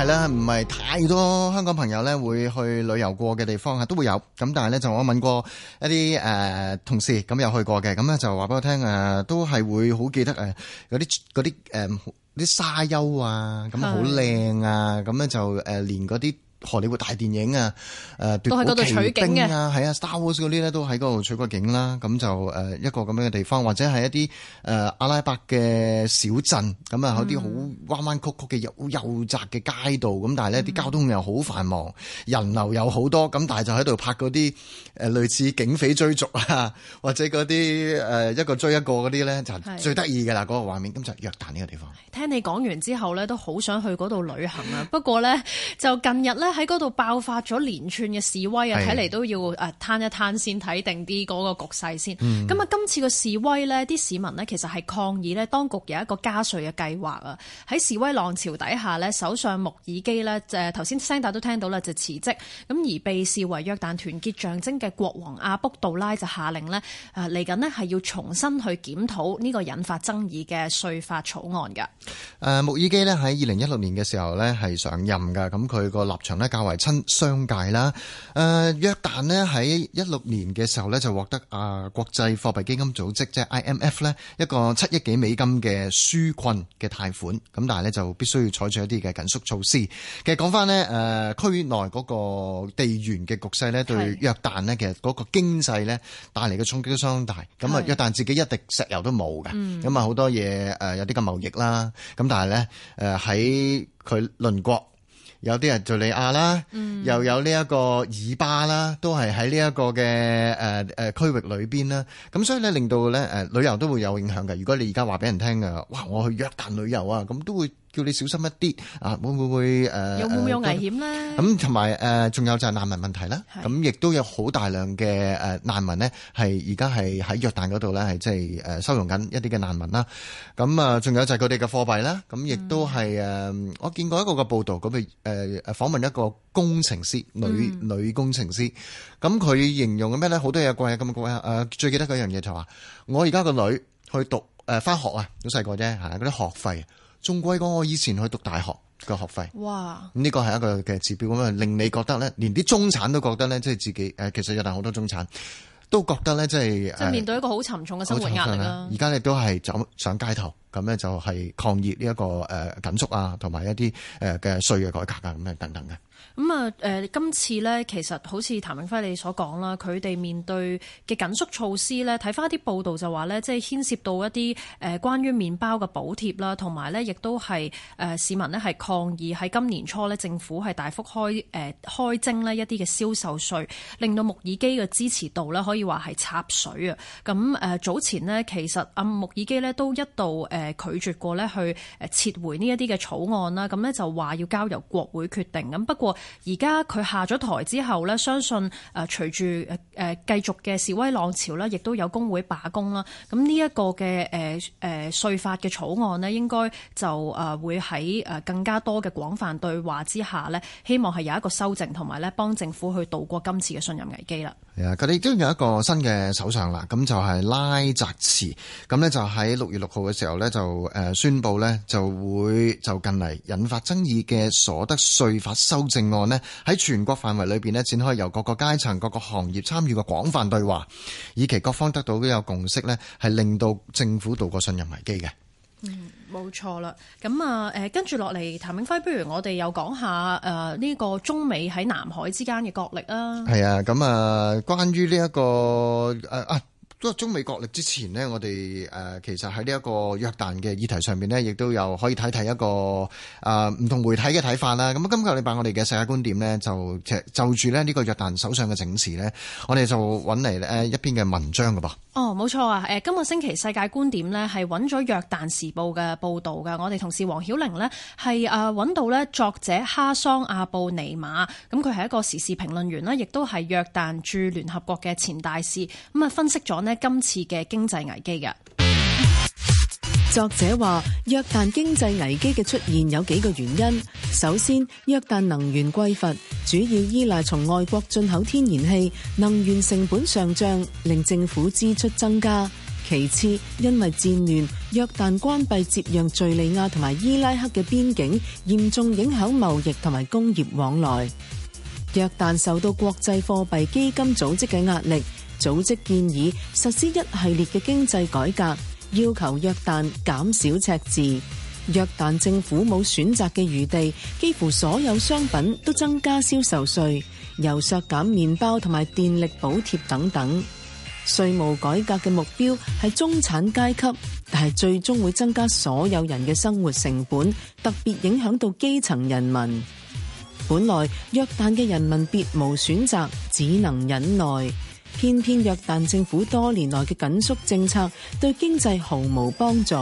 係啦，唔係太多香港朋友咧會去旅遊過嘅地方都會有。咁但係咧，就我問過一啲誒、呃、同事，咁、嗯、有去過嘅，咁、嗯、咧就話俾我聽誒、呃，都係會好記得誒，嗰啲嗰啲誒啲沙丘啊，咁好靚啊，咁、嗯、咧就誒、呃、連嗰啲荷里活大電影啊，呃、都喺度取景啊，係啊，Star Wars 嗰啲咧都喺嗰度取過景啦。咁就誒、呃、一個咁樣嘅地方，或者係一啲誒、呃、阿拉伯嘅小鎮咁啊，有啲好彎彎曲曲嘅幼幼窄嘅街道，咁、嗯、但係咧啲交通又好繁忙，嗯、人流又好多，咁但係就喺度拍嗰啲誒類似警匪追逐啊，或者嗰啲誒一個追一個嗰啲咧就最得意嘅啦，嗰、個畫面。咁就約旦呢個地方。聽你講完之後咧，都好想去度旅行啊。不過咧，就近日咧。 喺嗰度爆發咗連串嘅示威啊！睇嚟都要誒攤一攤先睇定啲嗰個局勢先。咁、嗯、啊，今次個示威呢，啲市民呢，其實係抗議呢，當局有一個加稅嘅計劃啊！喺示威浪潮底下呢，首相穆爾基呢，就頭先聲帶都聽到啦，就辭職。咁而被視為約旦團結，團結象徵嘅國王阿卜杜拉就下令呢，嚟緊呢係要重新去檢討呢個引發爭議嘅稅法草案嘅。誒穆爾基呢，喺二零一六年嘅時候呢，係上任嘅，咁佢個立場。咧較為親商界啦，誒、呃、約旦呢喺一六年嘅時候呢就獲得啊、呃、國際貨幣基金組織即係 IMF 呢一個七億幾美金嘅紓困嘅貸款，咁但係呢，就必須要採取一啲嘅緊縮措施。其實講翻呢、呃，區內嗰個地緣嘅局勢呢對約旦呢，其實嗰個經濟呢帶嚟嘅衝擊都相當大。咁啊約旦自己一滴石油都冇嘅，咁啊好多嘢誒、呃、有啲咁貿易啦。咁但係呢，喺、呃、佢鄰國。有啲人敍利亞啦，嗯、又有呢一個以巴啦，都係喺呢一個嘅誒誒區域裏邊啦。咁所以咧，令到咧誒旅遊都會有影響嘅。如果你而家話俾人聽㗎，「哇！我去約旦旅遊啊！」咁都會。叫你小心一啲啊！會唔會誒有冇有危險咧？咁同埋誒，仲有就係難民問題啦。咁亦都有好大量嘅誒難民咧，係而家係喺約旦嗰度咧，係即係誒收容緊一啲嘅難民啦。咁啊，仲有就係佢哋嘅貨幣啦。咁亦都係誒，我見過一個嘅報道，咁譬如誒訪問一個工程師，女女工程師，咁佢形容嘅咩咧？好多嘢貴啊，咁貴啊！誒最記得嗰樣嘢就話，我而家個女去讀誒返學啊，好細個啫嚇，嗰啲學費。仲貴過，我以前去讀大學嘅學費，哇！呢個係一個嘅指標咁啊，令你覺得咧，連啲中產都覺得咧，即係自己誒，其實有但好多中產都覺得咧，即、呃、係就面對一個好沉重嘅生活壓力啦。而家你都係走上街頭，咁咧就係、是、抗議呢一個誒緊縮啊，同埋一啲誒嘅稅嘅改革啊，咁樣等等嘅。咁啊，誒今次呢，其實好似譚永輝你所講啦，佢哋面對嘅緊縮措施呢，睇翻一啲報道就話呢，即係牽涉到一啲誒關於麵包嘅補貼啦，同埋呢亦都係誒市民呢係抗議喺今年初呢，政府係大幅開誒開徵呢一啲嘅銷售稅，令到穆爾基嘅支持度呢可以話係插水啊。咁誒早前呢，其實阿穆爾基呢都一度誒拒絕過呢去誒撤回呢一啲嘅草案啦，咁呢就話要交由國會決定。咁不過而家佢下咗台之後呢，相信誒、呃、隨住誒誒繼續嘅示威浪潮呢，亦都有工會罷工啦。咁呢一個嘅誒稅法嘅草案呢，應該就誒、呃、會喺更加多嘅廣泛對話之下呢，希望係有一個修正，同埋呢幫政府去度過今次嘅信任危機啦。佢哋都有一個新嘅首相啦，咁就係、是、拉扎茨。咁呢就喺六月六號嘅時候呢，就誒宣布呢就會就近嚟引發爭議嘅所得稅法修正案呢喺全國範圍裏邊呢，展開由各個階層、各個行業參與嘅廣泛對話，以期各方得到呢個共識呢係令到政府度過信任危機嘅。嗯冇錯啦，咁啊跟住落嚟，譚永輝，不如我哋又講下呢個中美喺南海之間嘅角力啊。係啊，咁啊，關於呢一個誒啊，都係中美角力之前呢，我哋其實喺呢一個約旦嘅議題上面呢，亦都有可以睇睇一個唔同媒體嘅睇法啦。咁今個禮拜我哋嘅世界觀點呢，就其就住呢個約旦首相嘅請辭呢，我哋就揾嚟一篇嘅文章㗎噃。哦，冇錯啊！誒今個星期世界觀點呢，係揾咗《約旦時報》嘅報導㗎。我哋同事黃曉玲呢，係誒揾到呢作者哈桑阿布尼馬，咁佢係一個時事評論員啦，亦都係約旦駐聯合國嘅前大使，咁啊分析咗呢今次嘅經濟危機嘅。作者話，約旦經濟危機嘅出現有幾個原因。首先，約旦能源匱乏，主要依賴從外國進口天然氣，能源成本上漲，令政府支出增加。其次，因為戰亂，約旦關閉接壤敘利亞同埋伊拉克嘅邊境，嚴重影響貿易同埋工業往來。約旦受到國際貨幣基金組織嘅壓力，組織建議實施一系列嘅經濟改革要求約旦減少赤字，約旦政府冇選擇嘅餘地，幾乎所有商品都增加銷售稅、油削減麵包同埋電力補貼等等。稅務改革嘅目標係中產階級，但係最終會增加所有人嘅生活成本，特別影響到基層人民。本來約旦嘅人民別無選擇，只能忍耐。偏偏約旦政府多年來嘅緊縮政策對經濟毫無幫助，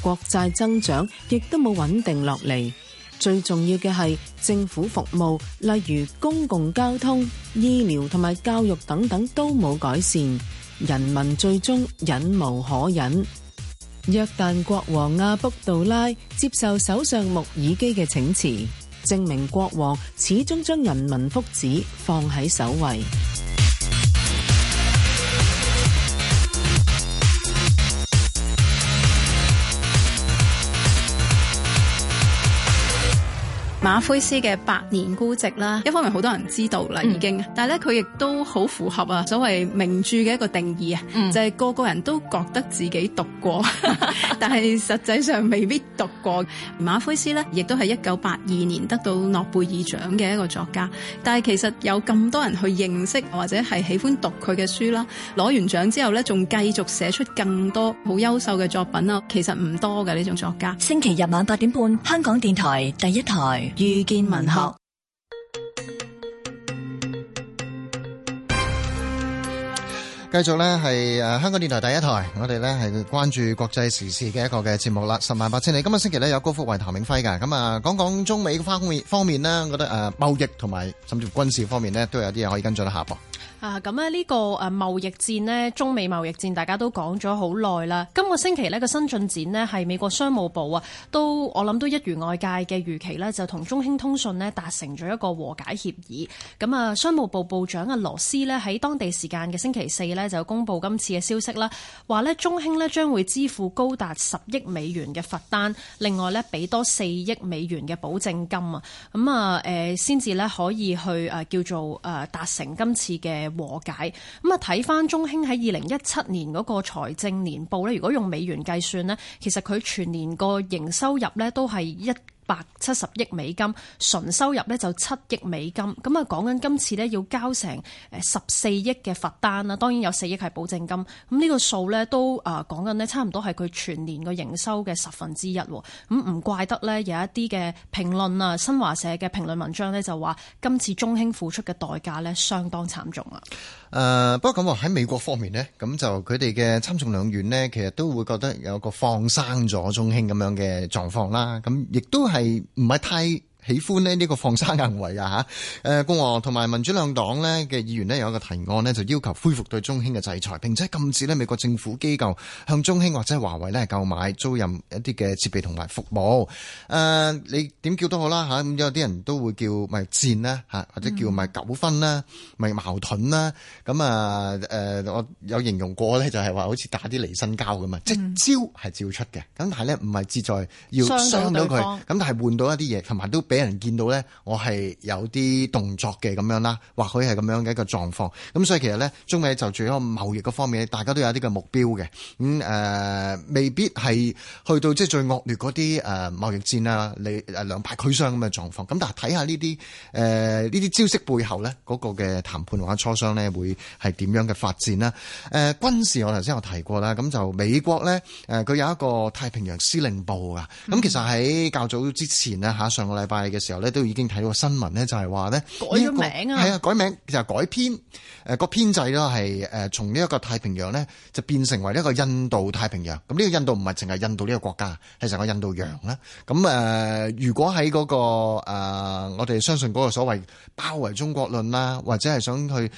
國債增長亦都冇穩定落嚟。最重要嘅係政府服務，例如公共交通、醫療同埋教育等等都冇改善，人民最終忍無可忍。約旦國王阿卜杜拉接受首相穆爾基嘅請辭，證明國王始終將人民福祉放喺首位。馬奎斯嘅《百年孤寂》啦，一方面好多人知道啦，已、嗯、經，但係咧佢亦都好符合啊所謂名著嘅一個定義啊、嗯，就係、是、個個人都覺得自己讀過，嗯、但係實際上未必讀過。 馬奎斯咧，亦都係一九八二年得到諾貝爾獎嘅一個作家，但係其實有咁多人去認識或者係喜歡讀佢嘅書啦，攞完獎之後咧，仲繼續寫出更多好優秀嘅作品啦。其實唔多嘅呢種作家。星期日晚八點半，香港電台第一台。遇見文學，繼續咧係誒香港電台第一台，我哋咧係關注國際時事嘅一個嘅節目啦。十萬八千里，今日星期咧有高福慧、譚永輝嘅，咁啊講講中美方面方面咧，我覺得誒貿易同埋甚至軍事方面咧都有啲嘢可以跟進一下噃。啊，咁、呢、呢個誒貿易戰呢，中美貿易戰大家都講咗好耐啦。今個星期呢個新進展呢，係美國商務部啊，都我諗都一如外界嘅預期呢，就同中興通訊呢達成咗一個和解協議。咁啊，商務部部長阿、啊、羅斯呢，喺當地時間嘅星期四呢，就公布今次嘅消息啦，話呢中興呢將會支付高達十億美元嘅罰單，另外呢俾多四億美元嘅保證金啊。咁啊先至呢可以去誒叫做誒、呃、達成今次嘅。和解。咁啊，睇翻中興喺二零一七年嗰個財政年報呢，如果用美元計算呢，其實佢全年個營收入呢都係一百七十億美金，純收入咧就七億美金，咁啊講緊今次咧要交成十四億嘅罰單啦，當然有四億係保證金，咁呢個數咧都啊講緊呢，差唔多係佢全年個營收嘅十分之一喎，咁唔怪得咧有一啲嘅評論啊，新華社嘅評論文章咧就話今次中興付出嘅代價咧相當慘重啊。誒、嗯、不過咁喎，喺美國方面咧，咁就佢哋嘅參眾兩院咧，其實都會覺得有個放生咗中興咁樣嘅狀況啦，咁亦都係唔係太喜歡呢呢個放生行為啊嚇！誒，共和同埋民主兩黨呢嘅議員呢，有個個提案呢，就要求恢復對中興嘅制裁，並且禁止呢美國政府機構向中興或者係華為呢購買租賃一啲嘅設備同埋服務。誒、呃，你點叫都好啦嚇，咁有啲人都會叫咪戰啦或者叫咪糾紛啦，咪、嗯、矛盾啦。咁啊誒，我有形容過呢，就係話好似打啲離身膠咁啊，即、嗯、招係照出嘅。咁但係呢唔係志在要傷到佢，咁但係換到一啲嘢，同埋都。俾人見到咧，我係有啲動作嘅咁樣啦，或許係咁樣嘅一個狀況。咁所以其實咧，中美就住喺個貿易嗰方面，大家都有啲嘅目標嘅。咁、嗯、誒、呃，未必係去到即係最惡劣嗰啲誒貿易戰啦、你誒兩敗俱傷咁嘅狀況。咁但係睇下呢啲誒呢啲招式背後咧，嗰、那個嘅談判或者磋商咧，會係點樣嘅發展啦？誒、呃、軍事我頭先有提過啦，咁就美國咧誒佢有一個太平洋司令部㗎。咁、嗯、其實喺較早之前呢，嚇上個禮拜，嘅時候咧，都已經睇到新聞咧，就係話咧，改咗名啊，係啊，改名就改編，誒個編制啦，係誒從呢一個太平洋咧，就變成為一個印度太平洋。咁呢個印度唔係淨係印度呢個國家，係成個印度洋啦。咁誒，如果喺嗰個誒，我哋相信嗰個所謂包圍中國論啦，或者係想去誒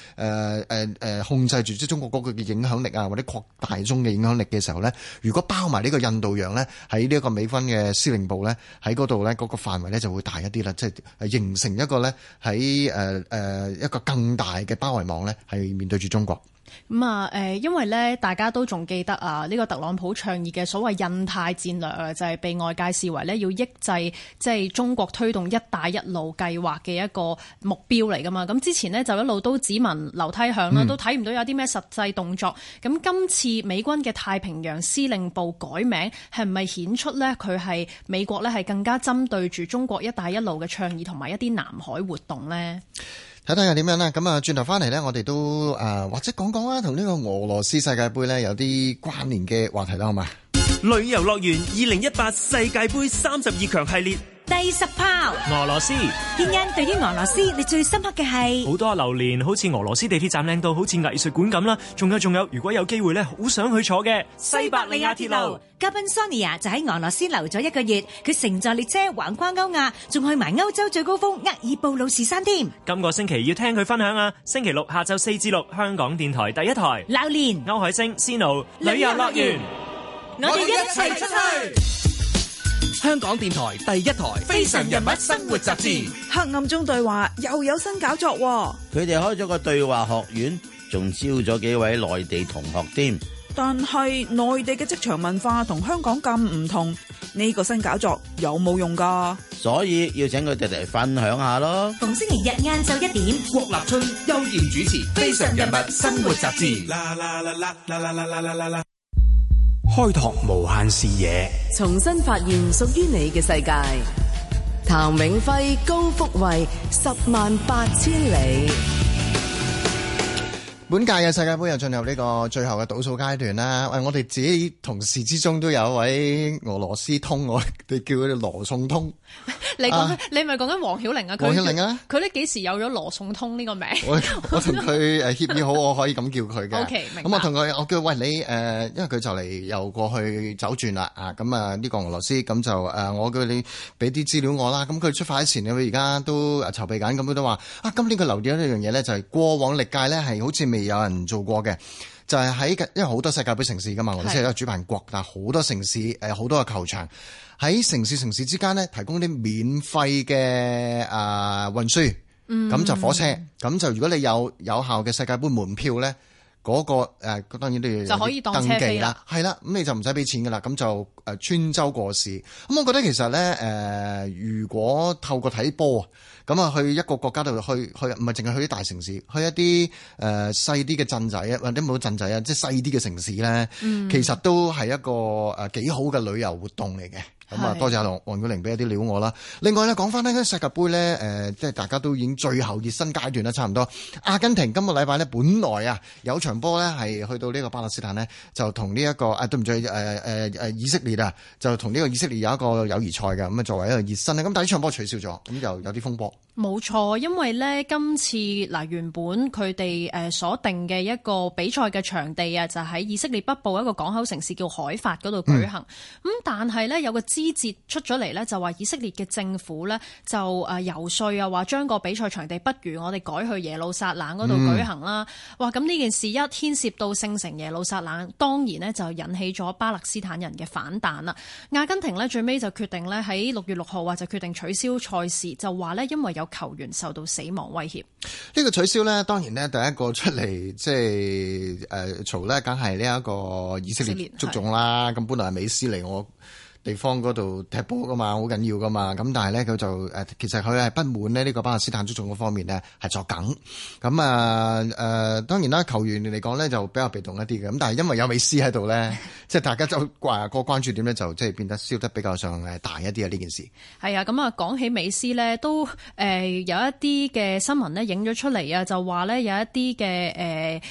誒誒控制住即係中國嗰個嘅影響力啊，或者擴大中嘅影響力嘅時候咧，如果包埋呢個印度洋咧，喺呢一個美軍嘅司令部咧，喺嗰度咧，嗰個範圍咧就會大一啲啦，即係誒形成一個咧喺誒誒一個更大嘅包圍網咧，係面對住中國。咁啊，誒，因為咧，大家都仲記得啊，呢、這個特朗普倡議嘅所謂印太戰略啊，就係被外界視為咧要抑制即係、就是、中國推動一帶一路計劃嘅一個目標嚟噶嘛。咁之前呢，就一路都只聞樓梯響啦，都睇唔到有啲咩實際動作。咁、嗯、今次美軍嘅太平洋司令部改名，係唔係顯出呢？佢係美國呢係更加針對住中國一帶一路嘅倡議同埋一啲南海活動呢？睇睇係點樣啦，咁啊，轉頭翻嚟，咧，我哋都誒或者講講啦，同呢個俄羅斯世界杯咧有啲關聯嘅話題啦，好嘛？旅遊樂園二零一八世界杯三十二強系列。第十炮，俄羅斯。天恩對於俄羅斯，你最深刻嘅係？好多榴蓮，好似俄羅斯地鐵站靚到好似藝術館咁啦。仲有仲有，如果有機會咧，好想去坐嘅西伯利亞鐵路。嘉賓 Sonia 就喺俄羅斯留咗一個月，佢乘坐列車橫跨歐亞，仲去埋歐洲最高峰厄爾布魯士山添。今個星期要聽佢分享啊！星期六下晝四至六，香港電台第一台。榴蓮，歐海星，Sino，旅遊樂園，我哋一齊出去。香港電台第一台《非常人物生活雜誌》，黑暗中對話又有新搞作啊。佢哋開咗個對話學院，仲招咗幾位內地同學添。但係內地嘅職場文化同香港咁唔同，呢個新搞作有冇用噶？所以要請佢哋嚟分享下咯。逢星期日晏晝一點，郭立春、悠然主持《非常人物生活雜誌》啦。啦啦啦啦啦啦開拓無限視野，重新發現屬於你嘅世界。譚永輝、高福慧，十萬八千里。本屆嘅世界盃又進入呢個最後嘅倒數階段啦。喂，我哋自己同事之中都有一位俄羅斯通，我哋叫佢羅宋通。你講、啊，你咪講緊黃曉玲啊？黃曉玲啊？佢咧幾時有咗羅宋通呢個名？我同佢誒協議好， 我可以咁叫佢嘅。咁、okay，明白。我同佢，我叫喂你誒、呃，因為佢就嚟又過去走轉啦。啊，咁啊呢個俄羅斯，咁就誒、呃、我叫你俾啲資料我啦。咁佢出發前，你佢而家都籌備緊，咁佢都話啊，今年佢留意咗一樣嘢咧，就係、是、過往歷屆咧係好似有人做過嘅就係、是、喺，因為好多世界杯城市噶嘛，我哋即係主辦國，但好多城市誒，好多嘅球場喺城市城市之間咧，提供啲免費嘅誒運輸，咁、嗯、就火車，咁就如果你有有效嘅世界杯門票咧。嗰、那個誒、呃、當然都要有登記啦，係啦，咁你就唔使俾錢噶啦，咁就誒穿、呃、州過市。咁、嗯、我覺得其實咧誒、呃，如果透過睇波啊，咁啊去一個國家度去去，唔係淨係去啲大城市，去一啲誒、呃、細啲嘅鎮仔啊，或者冇鎮仔啊，即、就、係、是、細啲嘅城市咧、嗯，其實都係一個誒幾好嘅旅遊活動嚟嘅。咁啊，多謝阿龍、黃國玲俾一啲料我啦。另外咧，講翻呢咧世界杯咧，誒、呃，即係大家都已經最後熱身階段啦，差唔多。阿根廷今個禮拜咧，本來啊有場波咧係去到呢個巴勒斯坦呢、這個，就同呢一個啊對唔住誒誒以色列啊，就同呢個以色列有一個友誼賽㗎。咁啊，作為一個熱身，咁但一啲場波取消咗，咁就有啲風波。冇錯，因為呢，今次嗱、呃、原本佢哋誒所定嘅一個比賽嘅場地啊，就喺、是、以色列北部一個港口城市叫海法嗰度舉行。咁、嗯、但係呢，有個枝節出咗嚟呢就話以色列嘅政府呢，就誒游、呃、說啊，話將個比賽場地不如我哋改去耶路撒冷嗰度舉行啦、嗯。哇！咁呢件事一牽涉到聖城耶路撒冷，當然呢，就引起咗巴勒斯坦人嘅反彈啦。阿根廷呢，最尾就決定呢，喺六月六號話就決定取消賽事，就話呢，因為有。球員受到死亡威脅，呢、這個取消咧，當然咧，第一個出嚟即係誒嘈咧，梗係呢一個以色列足總啦。咁本來係美斯嚟我。地方嗰度踢波噶嘛，好緊要噶嘛。咁但係咧，佢就誒其實佢係不滿咧，呢個巴勒斯坦足總嗰方面咧係作梗。咁啊誒當然啦，球員嚟講咧就比較被動一啲嘅。咁但係因為有美斯喺度咧，即係大家就話個關注點咧就即係變得燒得比較上誒大一啲啊！呢件事係啊，咁啊講起美斯咧，都誒有一啲嘅新聞咧影咗出嚟啊，就話咧有一啲嘅誒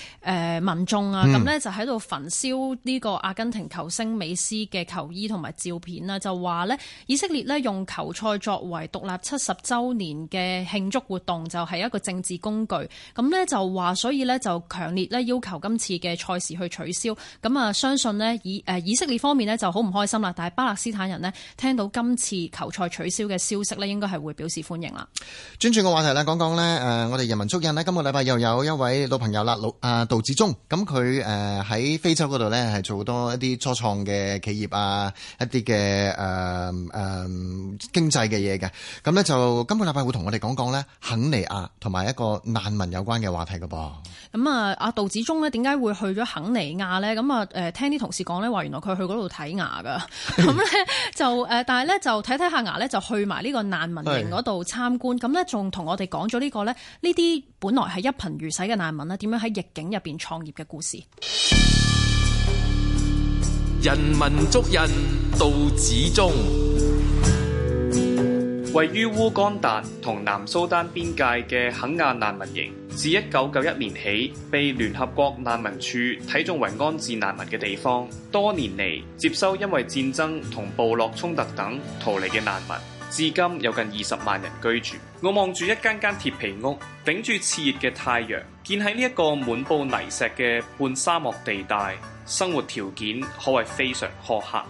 誒民眾啊，咁咧就喺度焚燒呢個阿根廷球星美斯嘅球衣同埋照。片就話呢，以色列呢用球賽作為獨立七十周年嘅慶祝活動，就係、是、一個政治工具。咁呢就話，所以呢就強烈呢要求今次嘅賽事去取消。咁啊，相信呢，以誒以色列方面呢就好唔開心啦。但係巴勒斯坦人呢，聽到今次球賽取消嘅消息呢，應該係會表示歡迎啦。轉轉個話題啦，講講呢，誒，我哋人民足印呢，今個禮拜又有一位老朋友啦，老啊杜志忠。咁佢誒喺非洲嗰度呢，係做多一啲初創嘅企業啊，一啲嘅。嘅誒誒經濟嘅嘢嘅，咁咧就今個禮拜會同我哋講講咧肯尼亞同埋一個難民有關嘅話題噶噃。咁啊，阿杜子忠咧點解會去咗肯尼亞咧？咁啊，誒，聽啲同事講咧話，原來佢去嗰度睇牙噶。咁 咧 就誒，但係咧就睇睇下牙咧，就去埋呢個難民營嗰度參觀。咁咧仲同我哋講咗呢個咧，呢啲本來係一貧如洗嘅難民咧，點樣喺逆境入邊創業嘅故事。人民足印道子中，位於烏干達同南蘇丹邊界嘅肯亞難民營，自一九九一年起被聯合國難民署睇中為安置難民嘅地方，多年嚟接收因為戰爭同部落衝突等逃離嘅難民。至今有近二十萬人居住。我望住一間間鐵皮屋，頂住熾熱嘅太陽，建喺呢一個滿佈泥石嘅半沙漠地帶，生活條件可謂非常苛刻。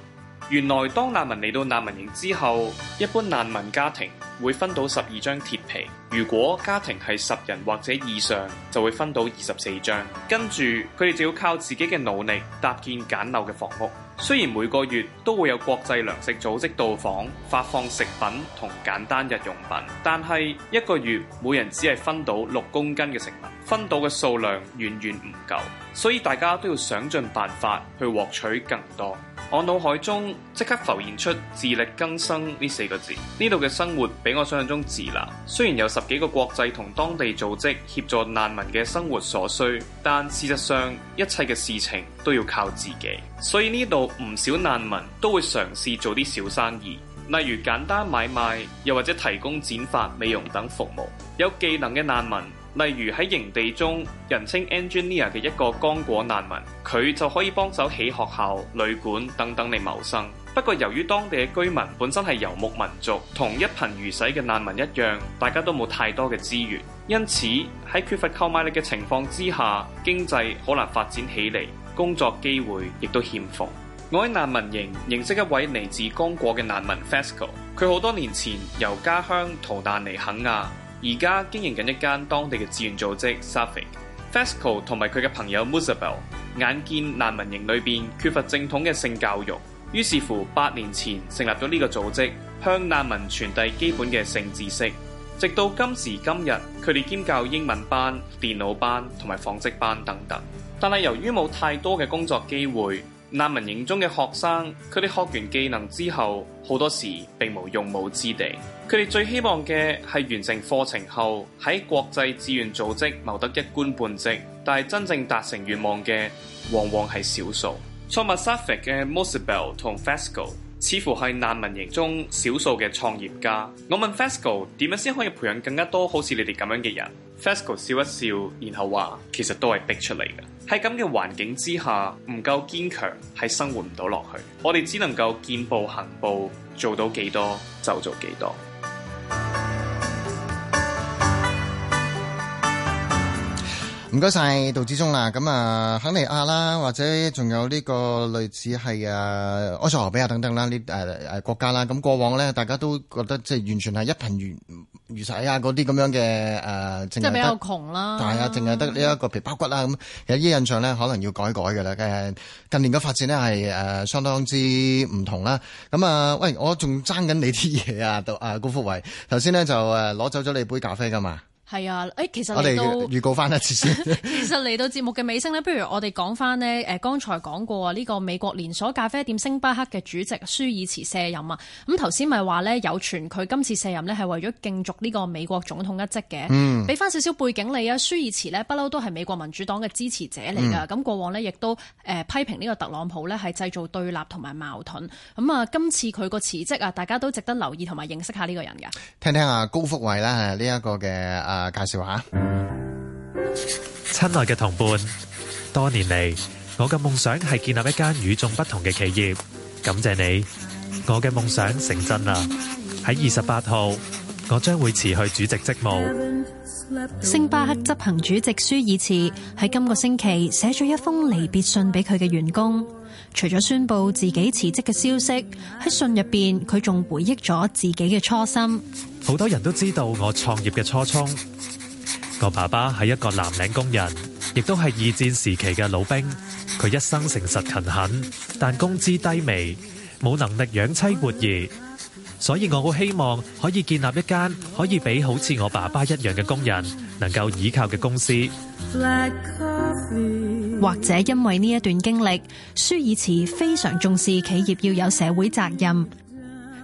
原來當難民嚟到難民營之後，一般難民家庭會分到十二張鐵皮，如果家庭係十人或者以上，就會分到二十四張。跟住佢哋就要靠自己嘅努力搭建簡陋嘅房屋。雖然每個月都會有國際糧食組織到訪，發放食品同簡單日用品，但係一個月每人只係分到六公斤嘅食物，分到嘅數量遠遠唔夠，所以大家都要想盡辦法去獲取更多。我腦海中即刻浮現出自力更生呢四個字。呢度嘅生活比我想象中自立，雖然有十幾個國際同當地組織協助難民嘅生活所需，但事實上一切嘅事情都要靠自己。所以呢度唔少難民都會嘗試做啲小生意，例如簡單買賣，又或者提供剪髮、美容等服務。有技能嘅難民。例如喺營地中，人稱 Engineer 嘅一個剛果難民，佢就可以幫手起學校、旅館等等嚟謀生。不過由於當地嘅居民本身係遊牧民族，同一貧如洗嘅難民一樣，大家都冇太多嘅資源，因此喺缺乏購買力嘅情況之下，經濟好難發展起嚟，工作機會亦都欠奉。我喺難民營認識一位嚟自剛果嘅難民 Fesco，佢好多年前由家鄉逃難嚟肯亞。而家經營緊一間當地嘅志願組織 Suffic，Fesco 同埋佢嘅朋友 Musibel 眼見難民營裏面缺乏正統嘅性教育，於是乎八年前成立咗呢個組織，向難民傳遞基本嘅性知識。直到今時今日，佢哋兼教英文班、電腦班同埋紡織班等等。但係由於冇太多嘅工作機會。難民營中嘅學生，佢哋學完技能之後，好多時並無用武之地。佢哋最希望嘅係完成課程後，喺國際志願組織謀得一官半職。但係真正達成願望嘅，往往係少數。錯物 suffic 嘅 mosible 同 fesco。似乎係難民營中少數嘅創業家。我問 Fesco 點樣先可以培養更加多好似你哋咁樣嘅人？Fesco 笑一笑，然後話：其實都係逼出嚟嘅。喺咁嘅環境之下，唔夠堅強，係生活唔到落去。我哋只能夠見步行步，做到幾多就做幾多。唔該曬杜志忠啦，咁啊肯尼亞啦，或者仲有呢個類似係啊埃塞俄比亞等等啦，呢、啊啊、國家啦，咁過往咧大家都覺得即係完全係一貧如如洗啊嗰啲咁樣嘅誒，即係比較窮啦，但係啊，淨係得呢一個皮包骨啦咁，有、嗯、啲印象咧可能要改改嘅啦。近年嘅發展咧係誒相當之唔同啦。咁啊，喂，我仲爭緊你啲嘢啊，啊高福維，頭先咧就誒攞走咗你杯咖啡噶嘛。係啊，誒，其實我哋都預告翻一次先。其實嚟到節目嘅尾聲呢， 不如我哋講翻呢。誒，剛才講過啊，呢個美國連鎖咖啡店星巴克嘅主席舒爾茨卸任啊。咁頭先咪話呢，有傳佢今次卸任呢係為咗競逐呢個美國總統一職嘅。嗯。俾翻少少背景你啊，舒爾茨呢不嬲都係美國民主黨嘅支持者嚟噶，咁、嗯、過往呢，亦都誒批評呢個特朗普呢係製造對立同埋矛盾。咁啊，今次佢個辭職啊，大家都值得留意同埋認識下呢個人噶。聽聽阿高福慧啦，呢一個嘅。啊！介紹下，親愛嘅同伴，多年嚟我嘅夢想係建立一間與眾不同嘅企業。感謝你，我嘅夢想成真啦！喺二十八號，我將會辭去主席職務。星巴克執行主席舒爾茨喺今個星期寫咗一封離別信俾佢嘅員工，除咗宣布自己辭職嘅消息，喺信入邊佢仲回憶咗自己嘅初心。好多人都知道我創業嘅初衷。我爸爸係一個藍領工人，亦都係二戰時期嘅老兵。佢一生誠實勤懇，但工資低微，冇能力養妻活兒。所以我好希望可以建立一間可以俾好似我爸爸一樣嘅工人能夠倚靠嘅公司。或者因為呢一段經歷，舒爾茨非常重視企業要有社會責任。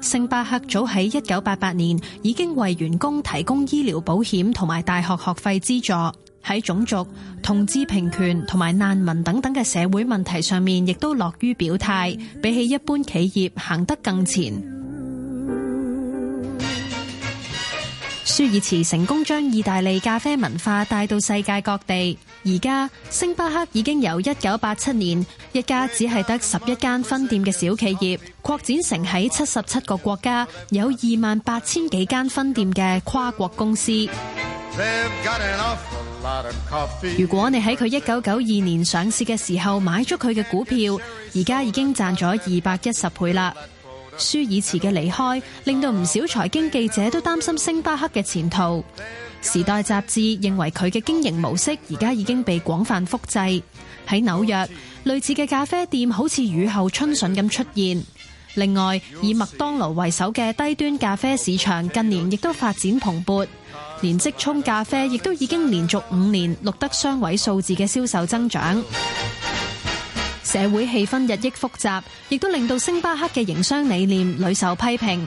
星巴克早喺一九八八年已經為員工提供醫療保險同埋大學學費資助，喺種族、同志平權同埋難民等等嘅社會問題上面，亦都樂於表態，比起一般企業行得更前。舒爾茨成功將意大利咖啡文化帶到世界各地，而家星巴克已經由一九八七年一家只係得十一間分店嘅小企業，擴展成喺七十七個國家有二萬八千幾間分店嘅跨國公司。如果你喺佢一九九二年上市嘅時候買足佢嘅股票，而家已經賺咗二百一十倍啦。舒爾茨嘅離開，令到唔少財經記者都擔心星巴克嘅前途。時代雜誌認為佢嘅經營模式而家已經被廣泛複製。喺紐約，類似嘅咖啡店好似雨後春筍咁出現。另外，以麥當勞為首嘅低端咖啡市場近年亦都發展蓬勃。連即沖咖啡亦都已經連續五年錄得雙位數字嘅銷售增長。社會氣氛日益複雜，亦都令到星巴克嘅營商理念屢受批評。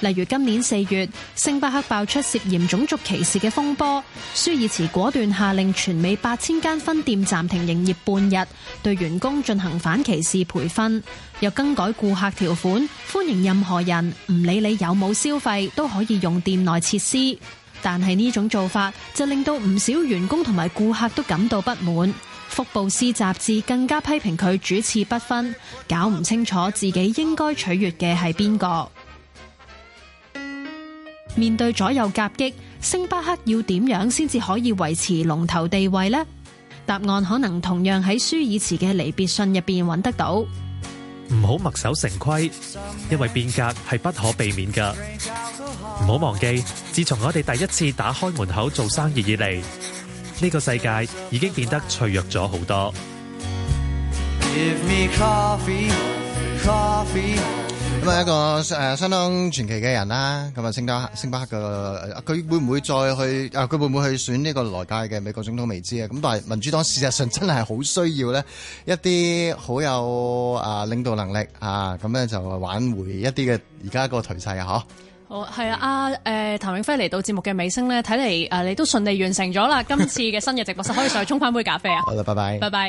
例如今年四月，星巴克爆出涉嫌種族歧視嘅風波，舒爾茨果斷下令全美八千間分店暫停營業半日，對員工進行反歧視培訓，又更改顧客條款，歡迎任何人，唔理你有冇消費都可以用店內設施。但係呢種做法就令到唔少員工同埋顧客都感到不滿。福布斯雜誌更加批評佢主次不分，搞唔清楚自己應該取悦嘅係邊個？面對左右夾擊，星巴克要點樣先至可以維持龍頭地位呢？答案可能同樣喺舒爾茨嘅離別信入邊揾得到。唔好墨守成規，因為變革係不可避免噶。唔好忘記，自從我哋第一次打開門口做生意以嚟。呢、這個世界已經變得脆弱咗好多。咁啊，一個誒相當傳奇嘅人啦。咁啊，星巴克、星巴克嘅佢會唔會再去啊？佢會唔會去選呢個來屆嘅美國總統未知啊。咁但係民主黨事實上真係好需要咧，一啲好有啊領導能力啊，咁咧就挽回一啲嘅而家個頹勢嘅好。好係啊，阿、呃、誒譚永輝嚟到節目嘅尾聲咧，睇嚟，啊、你都順利完成咗啦，今次嘅新嘅直播室 可以上去沖返杯咖啡啊！好啦，拜拜，拜拜。